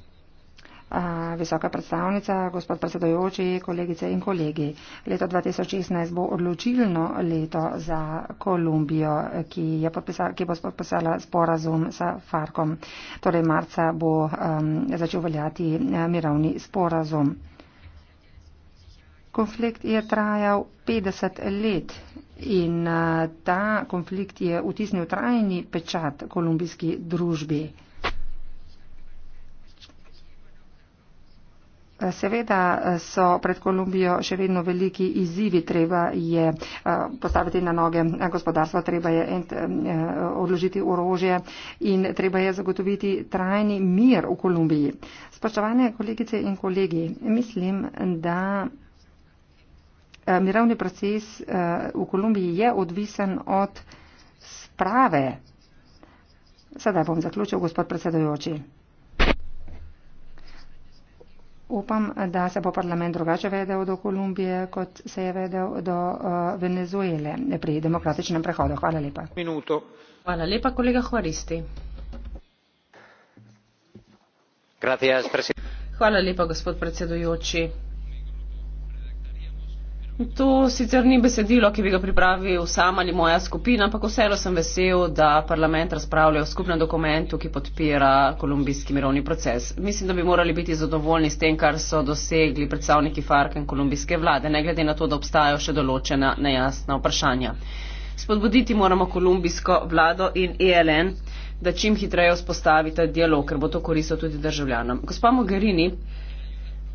Speaker 3: Visoka predstavnica, gospod predsedojoči, kolegice in kolegi. Leto 2016 bo odločilno leto za Kolumbijo, ki, ki bo podpisala sporazum sa Farkom. Torej marca bo um, začel veljati eh, mirovni sporazum. Konflikt je trajal 50 let in uh, ta konflikt je vtisnil trajni pečat kolumbijski družbi. Seveda so pred Kolumbijo še vedno veliki izzivi, treba je eh, postaviti na noge gospodarstva, treba je eh, odložiti orožje in treba je zagotoviti trajni mir v Kolumbiji. Spoštovane kolegice in kolegi, mislim, da. Eh, mirovni proces v Kolumbiji je odvisen od sprave. Sedaj bom zaključil, gospod predsedujoči upam, da se bo parlament drugače vedel do Kolumbije, kot se je vedel do uh, Venezuele pri demokratičnem prehodu. Hvala lepa. Minuto. Hvala lepa, kolega Hvaristi. Hvala lepa, gospod
Speaker 1: predsedujoči. To sicer ni besedilo, ki bi ga pripravil sam ali moja skupina, ampak vseeno sem vesel, da parlament razpravlja o skupnem dokumentu, ki podpira kolumbijski mirovni proces. Mislim, da bi morali biti zadovoljni s tem, kar so dosegli predstavniki FARC in kolumbijske vlade, ne glede na to, da obstajajo še določena nejasna vprašanja. Spodbuditi moramo kolumbijsko vlado in ELN, da čim hitreje vzpostavite dialog, ker bo to koristilo tudi državljanom. Gospa Mogherini,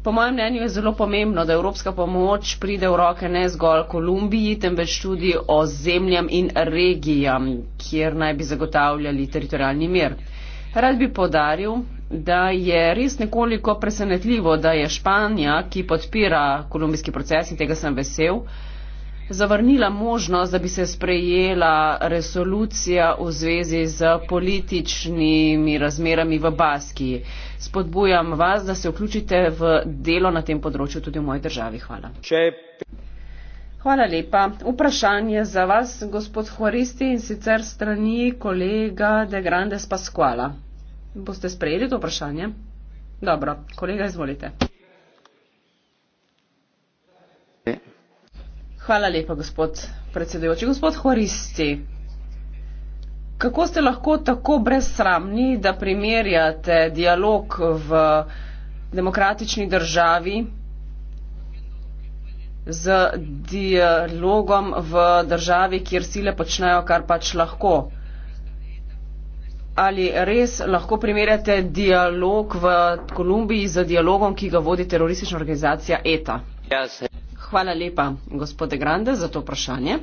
Speaker 1: Po mojem mnenju je zelo pomembno, da evropska pomoč pride v roke ne zgolj Kolumbiji, temveč tudi o zemljam in regijam, kjer naj bi zagotavljali teritorijalni mir. Rad bi podaril, da je res nekoliko presenetljivo, da je Španija, ki podpira kolumbijski proces in tega sem vesel, zavrnila možnost, da bi se sprejela resolucija v zvezi z političnimi razmerami v Baskiji. Spodbujam vas, da se vključite v delo na tem področju tudi v moji državi. Hvala. Hvala lepa. Vprašanje za vas, gospod Horisti, in sicer strani kolega De Grande Spaskuala. Boste sprejeli to vprašanje? Dobro, kolega, izvolite. Hvala lepa, gospod predsedujoči. Gospod Horisti, kako ste lahko tako brezsramni, da primerjate dialog v demokratični državi z dialogom v državi, kjer sile počnejo, kar pač lahko? Ali res lahko primerjate dialog v Kolumbiji z dialogom, ki ga vodi teroristična organizacija ETA? Ja, Hvala lepa, gospode Grande, za to vprašanje.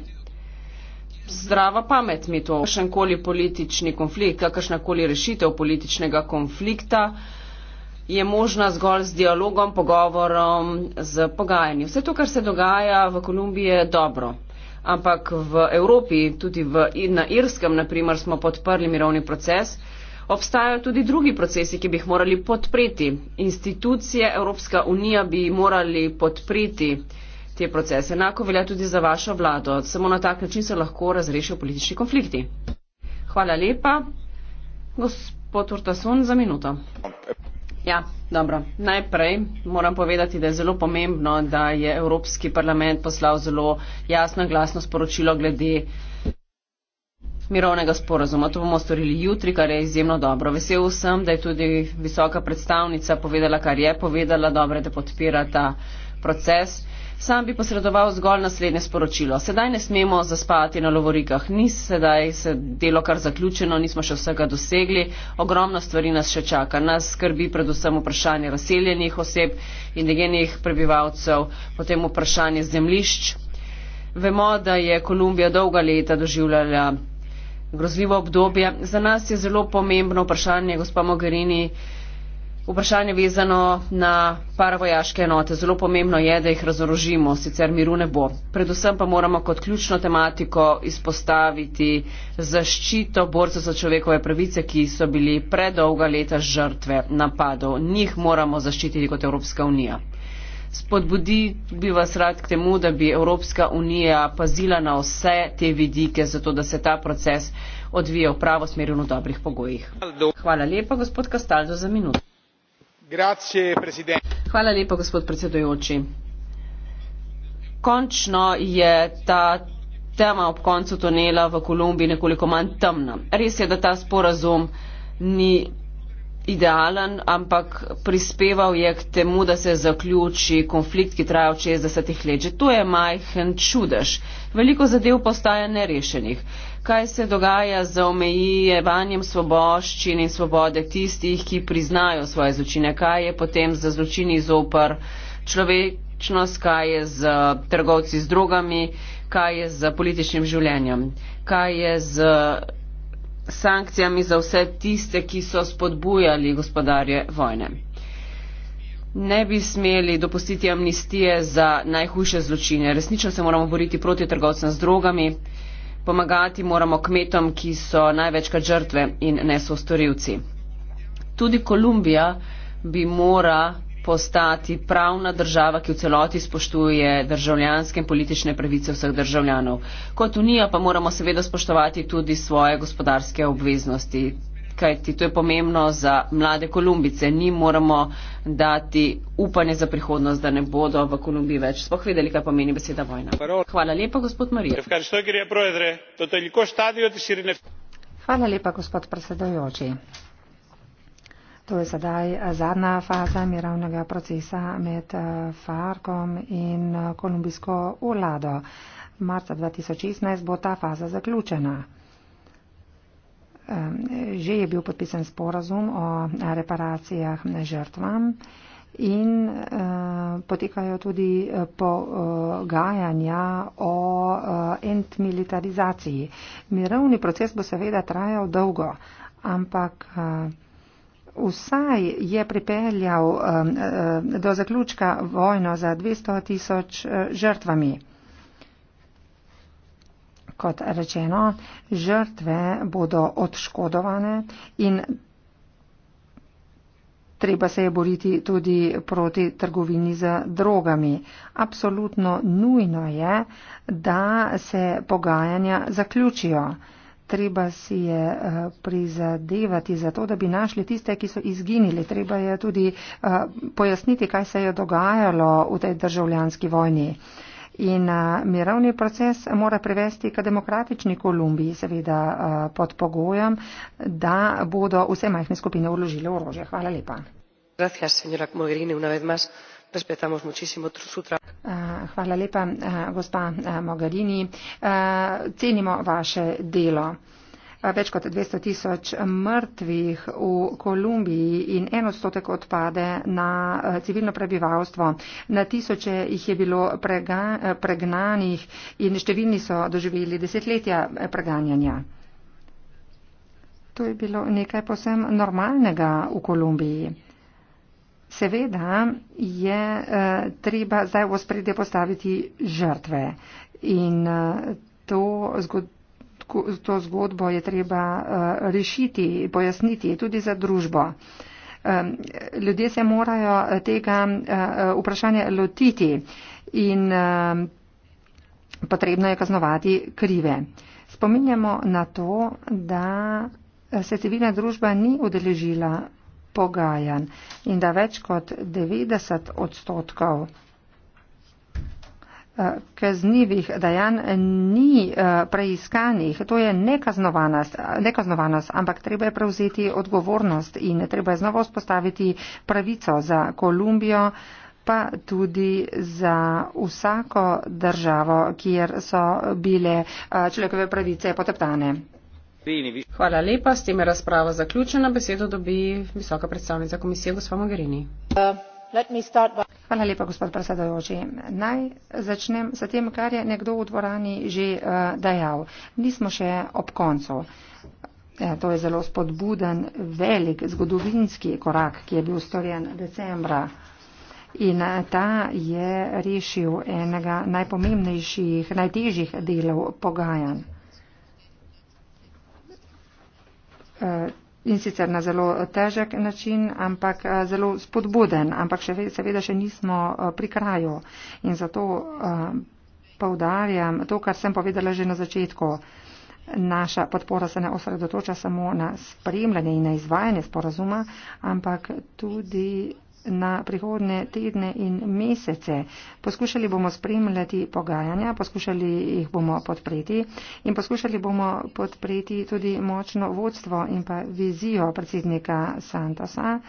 Speaker 1: Zdrava pamet mi to, kakršenkoli politični konflikt, kakršnakoli rešitev političnega konflikta je možna zgolj z dialogom, pogovorom, z pogajanjem. Vse to, kar se dogaja v Kolumbiji, je dobro. Ampak v Evropi, tudi v, na Irskem, naprimer, smo podprli mirovni proces. Obstajajo tudi drugi procesi, ki bi jih morali podpreti. Institucije Evropska unija bi morali podpreti te procese. Enako velja tudi za vašo vlado. Samo na tak način se lahko razrešijo politični konflikti. Hvala lepa. Gospod Urtasun, za minuto. Ja, dobro. Najprej moram povedati, da je zelo pomembno, da je Evropski parlament poslal zelo jasno in glasno sporočilo glede mirovnega sporazuma. To bomo storili jutri, kar je izjemno dobro. Vesel sem, da je tudi visoka predstavnica povedala, kar je povedala, dobro, da podpira ta proces. Sam bi posredoval zgolj naslednje sporočilo. Sedaj ne smemo zaspati na lovorikah. Ni sedaj se delo kar zaključeno, nismo še vsega dosegli. Ogromno stvari nas še čaka. Nas skrbi predvsem vprašanje razseljenih oseb, indigenih prebivalcev, potem vprašanje zemlišč. Vemo, da je Kolumbija dolga leta doživljala grozljivo obdobje. Za nas je zelo pomembno vprašanje, gospa Mogherini. Vprašanje vezano na paravojaške enote. Zelo pomembno je, da jih razorožimo, sicer miru ne bo. Predvsem pa moramo kot ključno tematiko izpostaviti zaščito borcev za človekove pravice, ki so bili predolga leta žrtve napadov. Njih moramo zaščititi kot Evropska unija. Spodbudi bi vas rad k temu, da bi Evropska unija pazila na vse te vidike, zato da se ta proces odvija v pravo smer in v dobrih pogojih.
Speaker 2: Hvala lepa, gospod Kastaldo, za minuto. Hvala lepa,
Speaker 1: gospod predsedujoči. Končno je ta tema ob koncu tunela v Kolumbiji nekoliko manj temna. Res je, da ta sporazum ni idealen, ampak prispeval je k temu, da se zaključi konflikt, ki traja od 60 let. Že to je majhen čudež. Veliko zadev postaja nerešenih. Kaj se dogaja z omejevanjem svoboščin in svobode tistih, ki priznajo svoje zločine? Kaj je potem za zločini zopr človečnost? Kaj je z trgovci z drogami? Kaj je z političnim življenjem? Kaj je z sankcijami za vse tiste, ki so spodbujali gospodarje vojne. Ne bi smeli dopustiti amnistije za najhujše zločine. Resnično se moramo boriti proti trgovcem z drogami, pomagati moramo kmetom, ki so največkrat žrtve in ne so storilci. Tudi Kolumbija bi morala postati pravna država, ki v celoti spoštuje državljanske in politične pravice vseh državljanov. Kot Unija pa moramo seveda spoštovati tudi svoje gospodarske obveznosti, kajti to je pomembno za mlade Kolumbice. Ni moramo dati upanje za prihodnost, da ne bodo v Kolumbiji več sploh vedeli, kaj pomeni beseda vojna.
Speaker 2: Hvala lepa, gospod Marija.
Speaker 3: Hvala lepa, gospod predsedajoči. To je sedaj zadnja faza mirovnega procesa med eh, Farkom in eh, kolumbijsko vlado. Marca 2016 bo ta faza zaključena. Že je bil podpisan sporazum o eh, reparacijah žrtvam in potekajo tudi pogajanja o entmilitarizaciji. Mirovni proces bo seveda trajal dolgo, ampak vsaj je pripeljal um, um, do zaključka vojno za 200 tisoč uh, žrtvami. Kot rečeno, žrtve bodo odškodovane in treba se je boriti tudi proti trgovini z drogami. Absolutno nujno je, da se pogajanja zaključijo treba si je eh, prizadevati za to, da bi našli tiste, ki so izginili. Treba je tudi eh, pojasniti, kaj se je dogajalo v tej državljanski vojni. In eh, mirovni proces mora prevesti k demokratični Kolumbiji, seveda pod pogojem, da bodo vse majhne skupine uložile orožje. Hvala lepa. Gracias, respetamos muchísimo su trabajo. Eh, hvala lepa, eh, gospa eh, Mogherini. Cenimo vaše delo. Več kot 200 tisoč mrtvih v Kolumbiji in en odstotek odpade na civilno prebivalstvo. Na tisoče jih je bilo prega, pregnanih in številni so doživeli desetletja preganjanja. To je bilo nekaj posebno normalnega v Kolumbiji. Seveda je eh, treba zdaj v spredje postaviti žrtve in eh, to zgodbo. To zgodbo je treba eh, rešiti, pojasniti tudi za družbo. Ljudje se morajo tega vprašanja lotiti in potrebno je kaznovati krive. Spominjamo na to, da se civilna družba ni udeležila pogajanj in da več kot 90 odstotkov eh, kaznivih dejanj ni eh, preiskanih. To je nekaznovanost, nekaznovanost, ampak treba je prevzeti odgovornost in treba je znova vzpostaviti pravico za Kolumbijo, pa tudi za vsako državo, kjer so bile eh, človekove pravice poteptane. Hvala lepa. S tem je razprava zaključena. Besedo dobi visoka predstavnica komisije, gospod Mogherini. Hvala lepa, gospod predsedajoči. Naj začnem s tem, kar je nekdo v dvorani že uh, dejal. Nismo še ob koncu. E, to je zelo spodbuden, velik, zgodovinski korak, ki je bil storjen decembra. In eh, ta je rešil enega najpomembnejših, najtežjih delov pogajanj. Eh, in sicer na zelo težek način, ampak eh, zelo spodbuden, ampak še, seveda še nismo eh, pri kraju. In zato povdarjam to, kar sem povedala že na začetku. Naša podpora se ne osredotoča samo na spremljanje in na izvajanje sporazuma, ampak tudi na prihodne tedne in mesece. Poskušali bomo spremljati pogajanja, poskušali jih bomo podpreti in poskušali bomo podpreti tudi močno vodstvo in pa vizijo predsednika Santosa,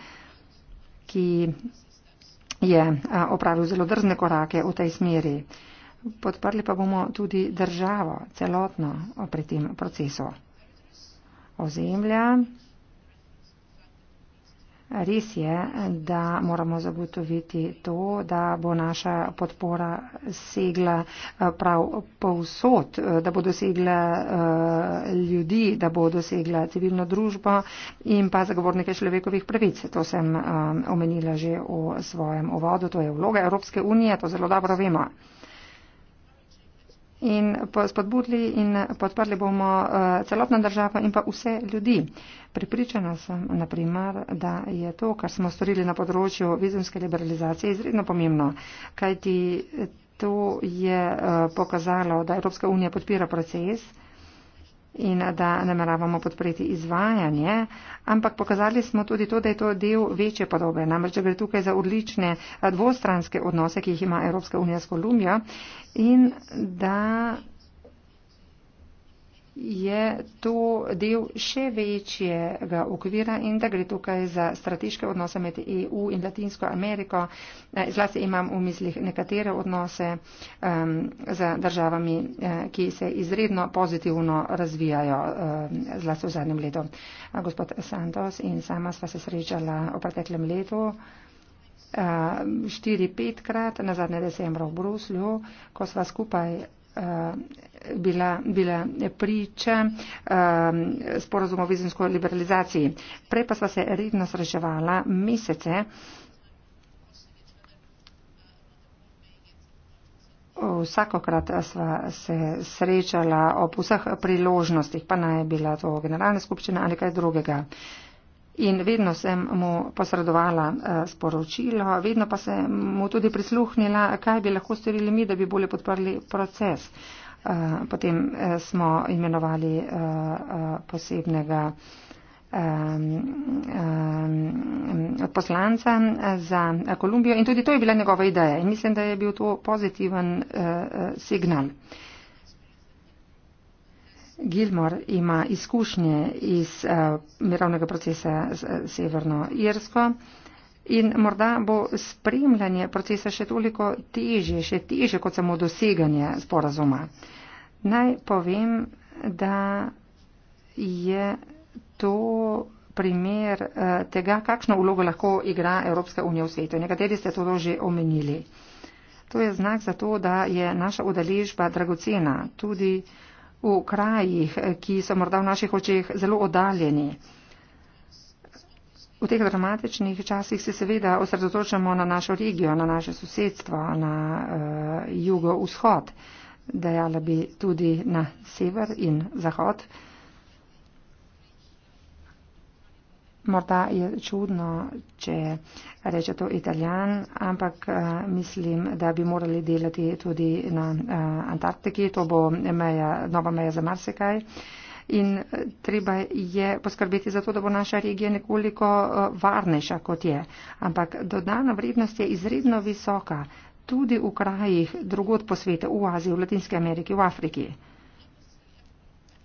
Speaker 3: ki je opravil zelo drzne korake v tej smeri. Podprli pa bomo tudi državo celotno pri tem procesu. Ozemlja, Res je, da moramo zagotoviti to, da bo naša podpora segla eh, prav povsod, eh, da bo dosegla eh, ljudi, da bo dosegla civilno družbo in pa zagovornike človekovih pravic. To sem omenila že v svojem uvodu. To je vloga Evropske unije, to zelo dobro vemo in spodbudili in podprli bomo eh, celotno državo in pa vse ljudi. Pripričana sem, naprimer, da je to, kar smo storili na področju vizumske liberalizacije, izredno pomembno, kajti to je eh, pokazalo, da Evropska unija podpira proces in da nameravamo podpreti izvajanje, ampak pokazali smo tudi to, da je to del večje podobe. Namreč gre tukaj za odlične eh, dvostranske odnose, ki jih ima Evropska unija s Kolumbijo in da je to del še večjega okvira in da gre tukaj za strateške odnose med EU in Latinsko Ameriko. Eh, zlasti imam v mislih nekatere odnose um, ehm, z državami, eh, ki se izredno pozitivno razvijajo, um, zlasti v zadnjem letu. Eh, gospod Santos in sama sva se srečala v preteklem letu. Uh, štiri, petkrat na zadnje decembra v Bruslju, ko sva skupaj Eh, bila, bila priča um, eh, sporozum o vizinsko liberalizaciji. Prej pa sva se redno sreževala mesece Vsakokrat sva se srečala ob vseh priložnostih, pa naj bila to generalna skupščina ali kaj drugega. Uh, in vedno sem mu posredovala eh, sporočilo, vedno pa sem mu tudi prisluhnila, kaj bi lahko storili mi, da bi bolje podprli proces. Eh, potem eh, smo imenovali posebnega poslanca za Kolumbijo in tudi to je bila njegova ideja in mislim, da je bil to pozitiven signal. Gilmore ima izkušnje iz uh, mirovnega procesa z uh, eh, Severno Irsko in morda bo spremljanje procesa še toliko težje, še težje kot samo doseganje sporazuma. Naj povem, da je to primer uh, tega, kakšno vlogo lahko igra Evropska unija v svetu. Nekateri ste to že omenili. To je znak za to, da je naša udeležba dragocena. Tudi uh, v krajih, ki so morda v naših očeh zelo oddaljeni. V teh dramatičnih časih se seveda osredotočamo na našo regijo, na naše sosedstvo, na uh, eh, jugo-vzhod, dajala bi tudi na sever in zahod. Uh, Morda je čudno, če reče to italijan, ampak a, eh, mislim, da bi morali delati tudi na a, eh, Antarktiki. To bo meja, nova meja za marsikaj. In eh, treba je poskrbeti za to, da bo naša regija nekoliko varnejša kot je. Ampak dodana vrednost je izredno visoka tudi v krajih drugod po svete, v Aziji, v Latinski Ameriki, v Afriki.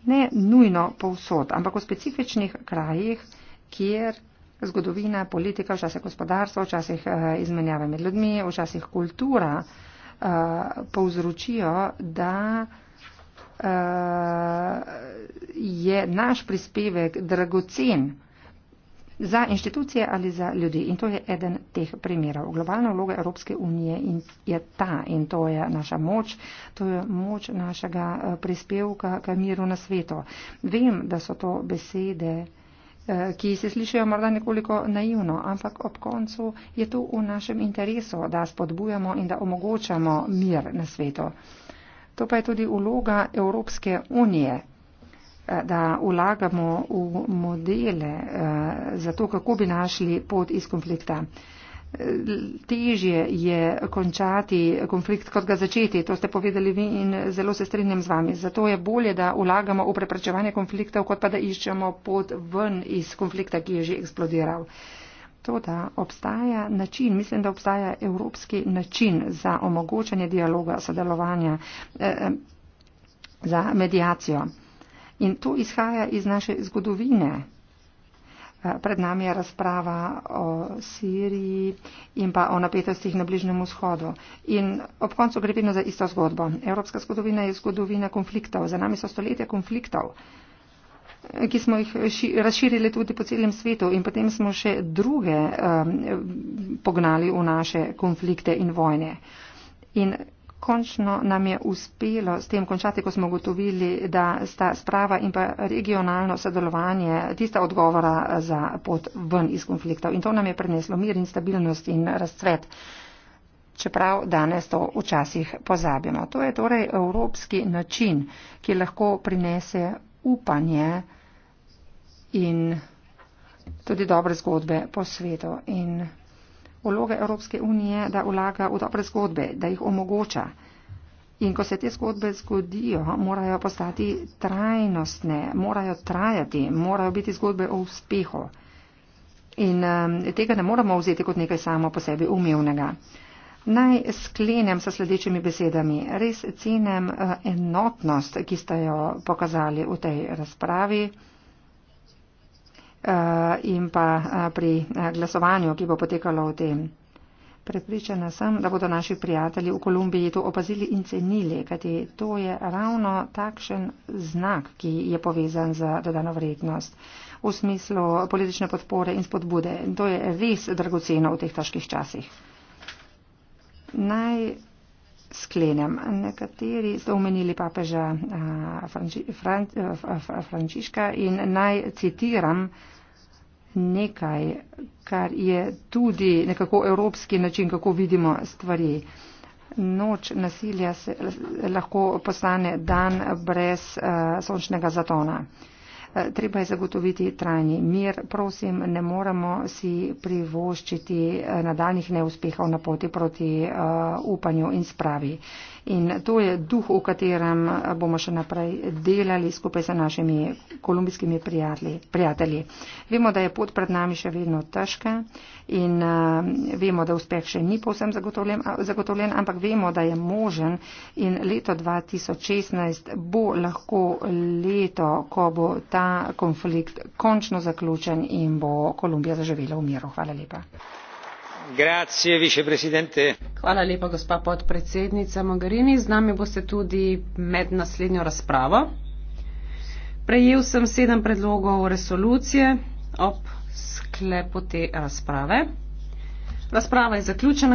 Speaker 3: Ne nujno povsod, ampak v specifičnih krajih kjer zgodovina, politika, včasih gospodarstvo, včasih eh, izmenjava med ljudmi, včasih kultura eh, povzročijo, da eh, je naš prispevek dragocen za inštitucije ali za ljudi. In to je eden teh primerov. Globalna vloga Evropske unije je ta in to je naša moč, to je moč našega prispevka k miru na svetu. Vem, da so to besede uh, Eh, ki se slišijo morda nekoliko naivno, ampak ob koncu je to v našem interesu, da spodbujamo in da omogočamo mir na svetu. To pa je tudi uloga Evropske unije, eh, da vlagamo v modele eh, za to, kako bi našli pot iz konflikta. Težje je končati konflikt, kot ga začeti. To ste povedali vi in zelo se strinjam z vami. Zato je bolje, da ulagamo v preprečevanje konfliktov, kot pa da iščemo pot ven iz konflikta, ki je že eksplodiral. To, da obstaja način, mislim, da obstaja evropski način za omogočanje dialoga, sodelovanja, eh, eh za medijacijo. In to izhaja iz naše zgodovine. Pred nami je razprava o Siriji in pa o napetostih na Bližnem vzhodu. In ob koncu gre vedno za isto zgodbo. Evropska zgodovina je zgodovina konfliktov. Za nami so stoletja konfliktov, ki smo jih razširili tudi po celem svetu in potem smo še druge um, pognali v naše konflikte in vojne. In Končno nam je uspelo s tem končati, ko smo gotovili, da sta sprava in pa regionalno sodelovanje tista odgovora za pot ven iz konfliktov. In to nam je preneslo mir in stabilnost in razcvet. Čeprav danes to včasih pozabimo. To je torej evropski način, ki lahko prinese upanje in tudi dobre zgodbe po svetu. In vloga Evropske unije, da vlaga v dobre zgodbe, da jih omogoča. In ko se te zgodbe zgodijo, morajo postati trajnostne, morajo trajati, morajo biti zgodbe o uspehu. In um, tega ne moramo vzeti kot nekaj samo po sebi umevnega. Naj sklenem sa sledečimi besedami. Res cenem uh, enotnost, ki ste jo pokazali v tej razpravi. Eh, in pa eh, pri eh, glasovanju, ki bo potekalo o tem. Predpričana sem, da bodo naši prijatelji v Kolumbiji to opazili in cenili, kajti to je ravno takšen znak, ki je povezan z dodano vrednost v smislu politične podpore in spodbude. In to je res dragoceno v teh težkih časih. Naj sklenem. Nekateri so omenili papeža Frančiška in naj citiram nekaj, kar je tudi nekako evropski način, kako vidimo stvari. Noč nasilja se lahko postane dan brez sončnega zatona. Eh, treba je zagotoviti trajni mir. Prosim, ne moremo si privoščiti eh, nadaljnih neuspehov na poti proti eh, upanju in spravi. In to je duh, v katerem bomo še naprej delali skupaj sa našimi kolumbijskimi prijatelji. prijatelji. Vemo, da je pot pred nami še vedno težka in uh, vemo, da uspeh še ni povsem zagotovljen, zagotovljen, ampak vemo, da je možen in leto 2016 bo lahko leto, ko bo ta ta konflikt končno zaključen in bo Kolumbija zaživela v miru. Hvala lepa.
Speaker 2: Grazie, Hvala
Speaker 1: lepa, gospa podpredsednica Mogherini. Z nami boste tudi med naslednjo razpravo. Prejel sem sedem predlogov resolucije ob sklepu te razprave. Razprava je zaključena.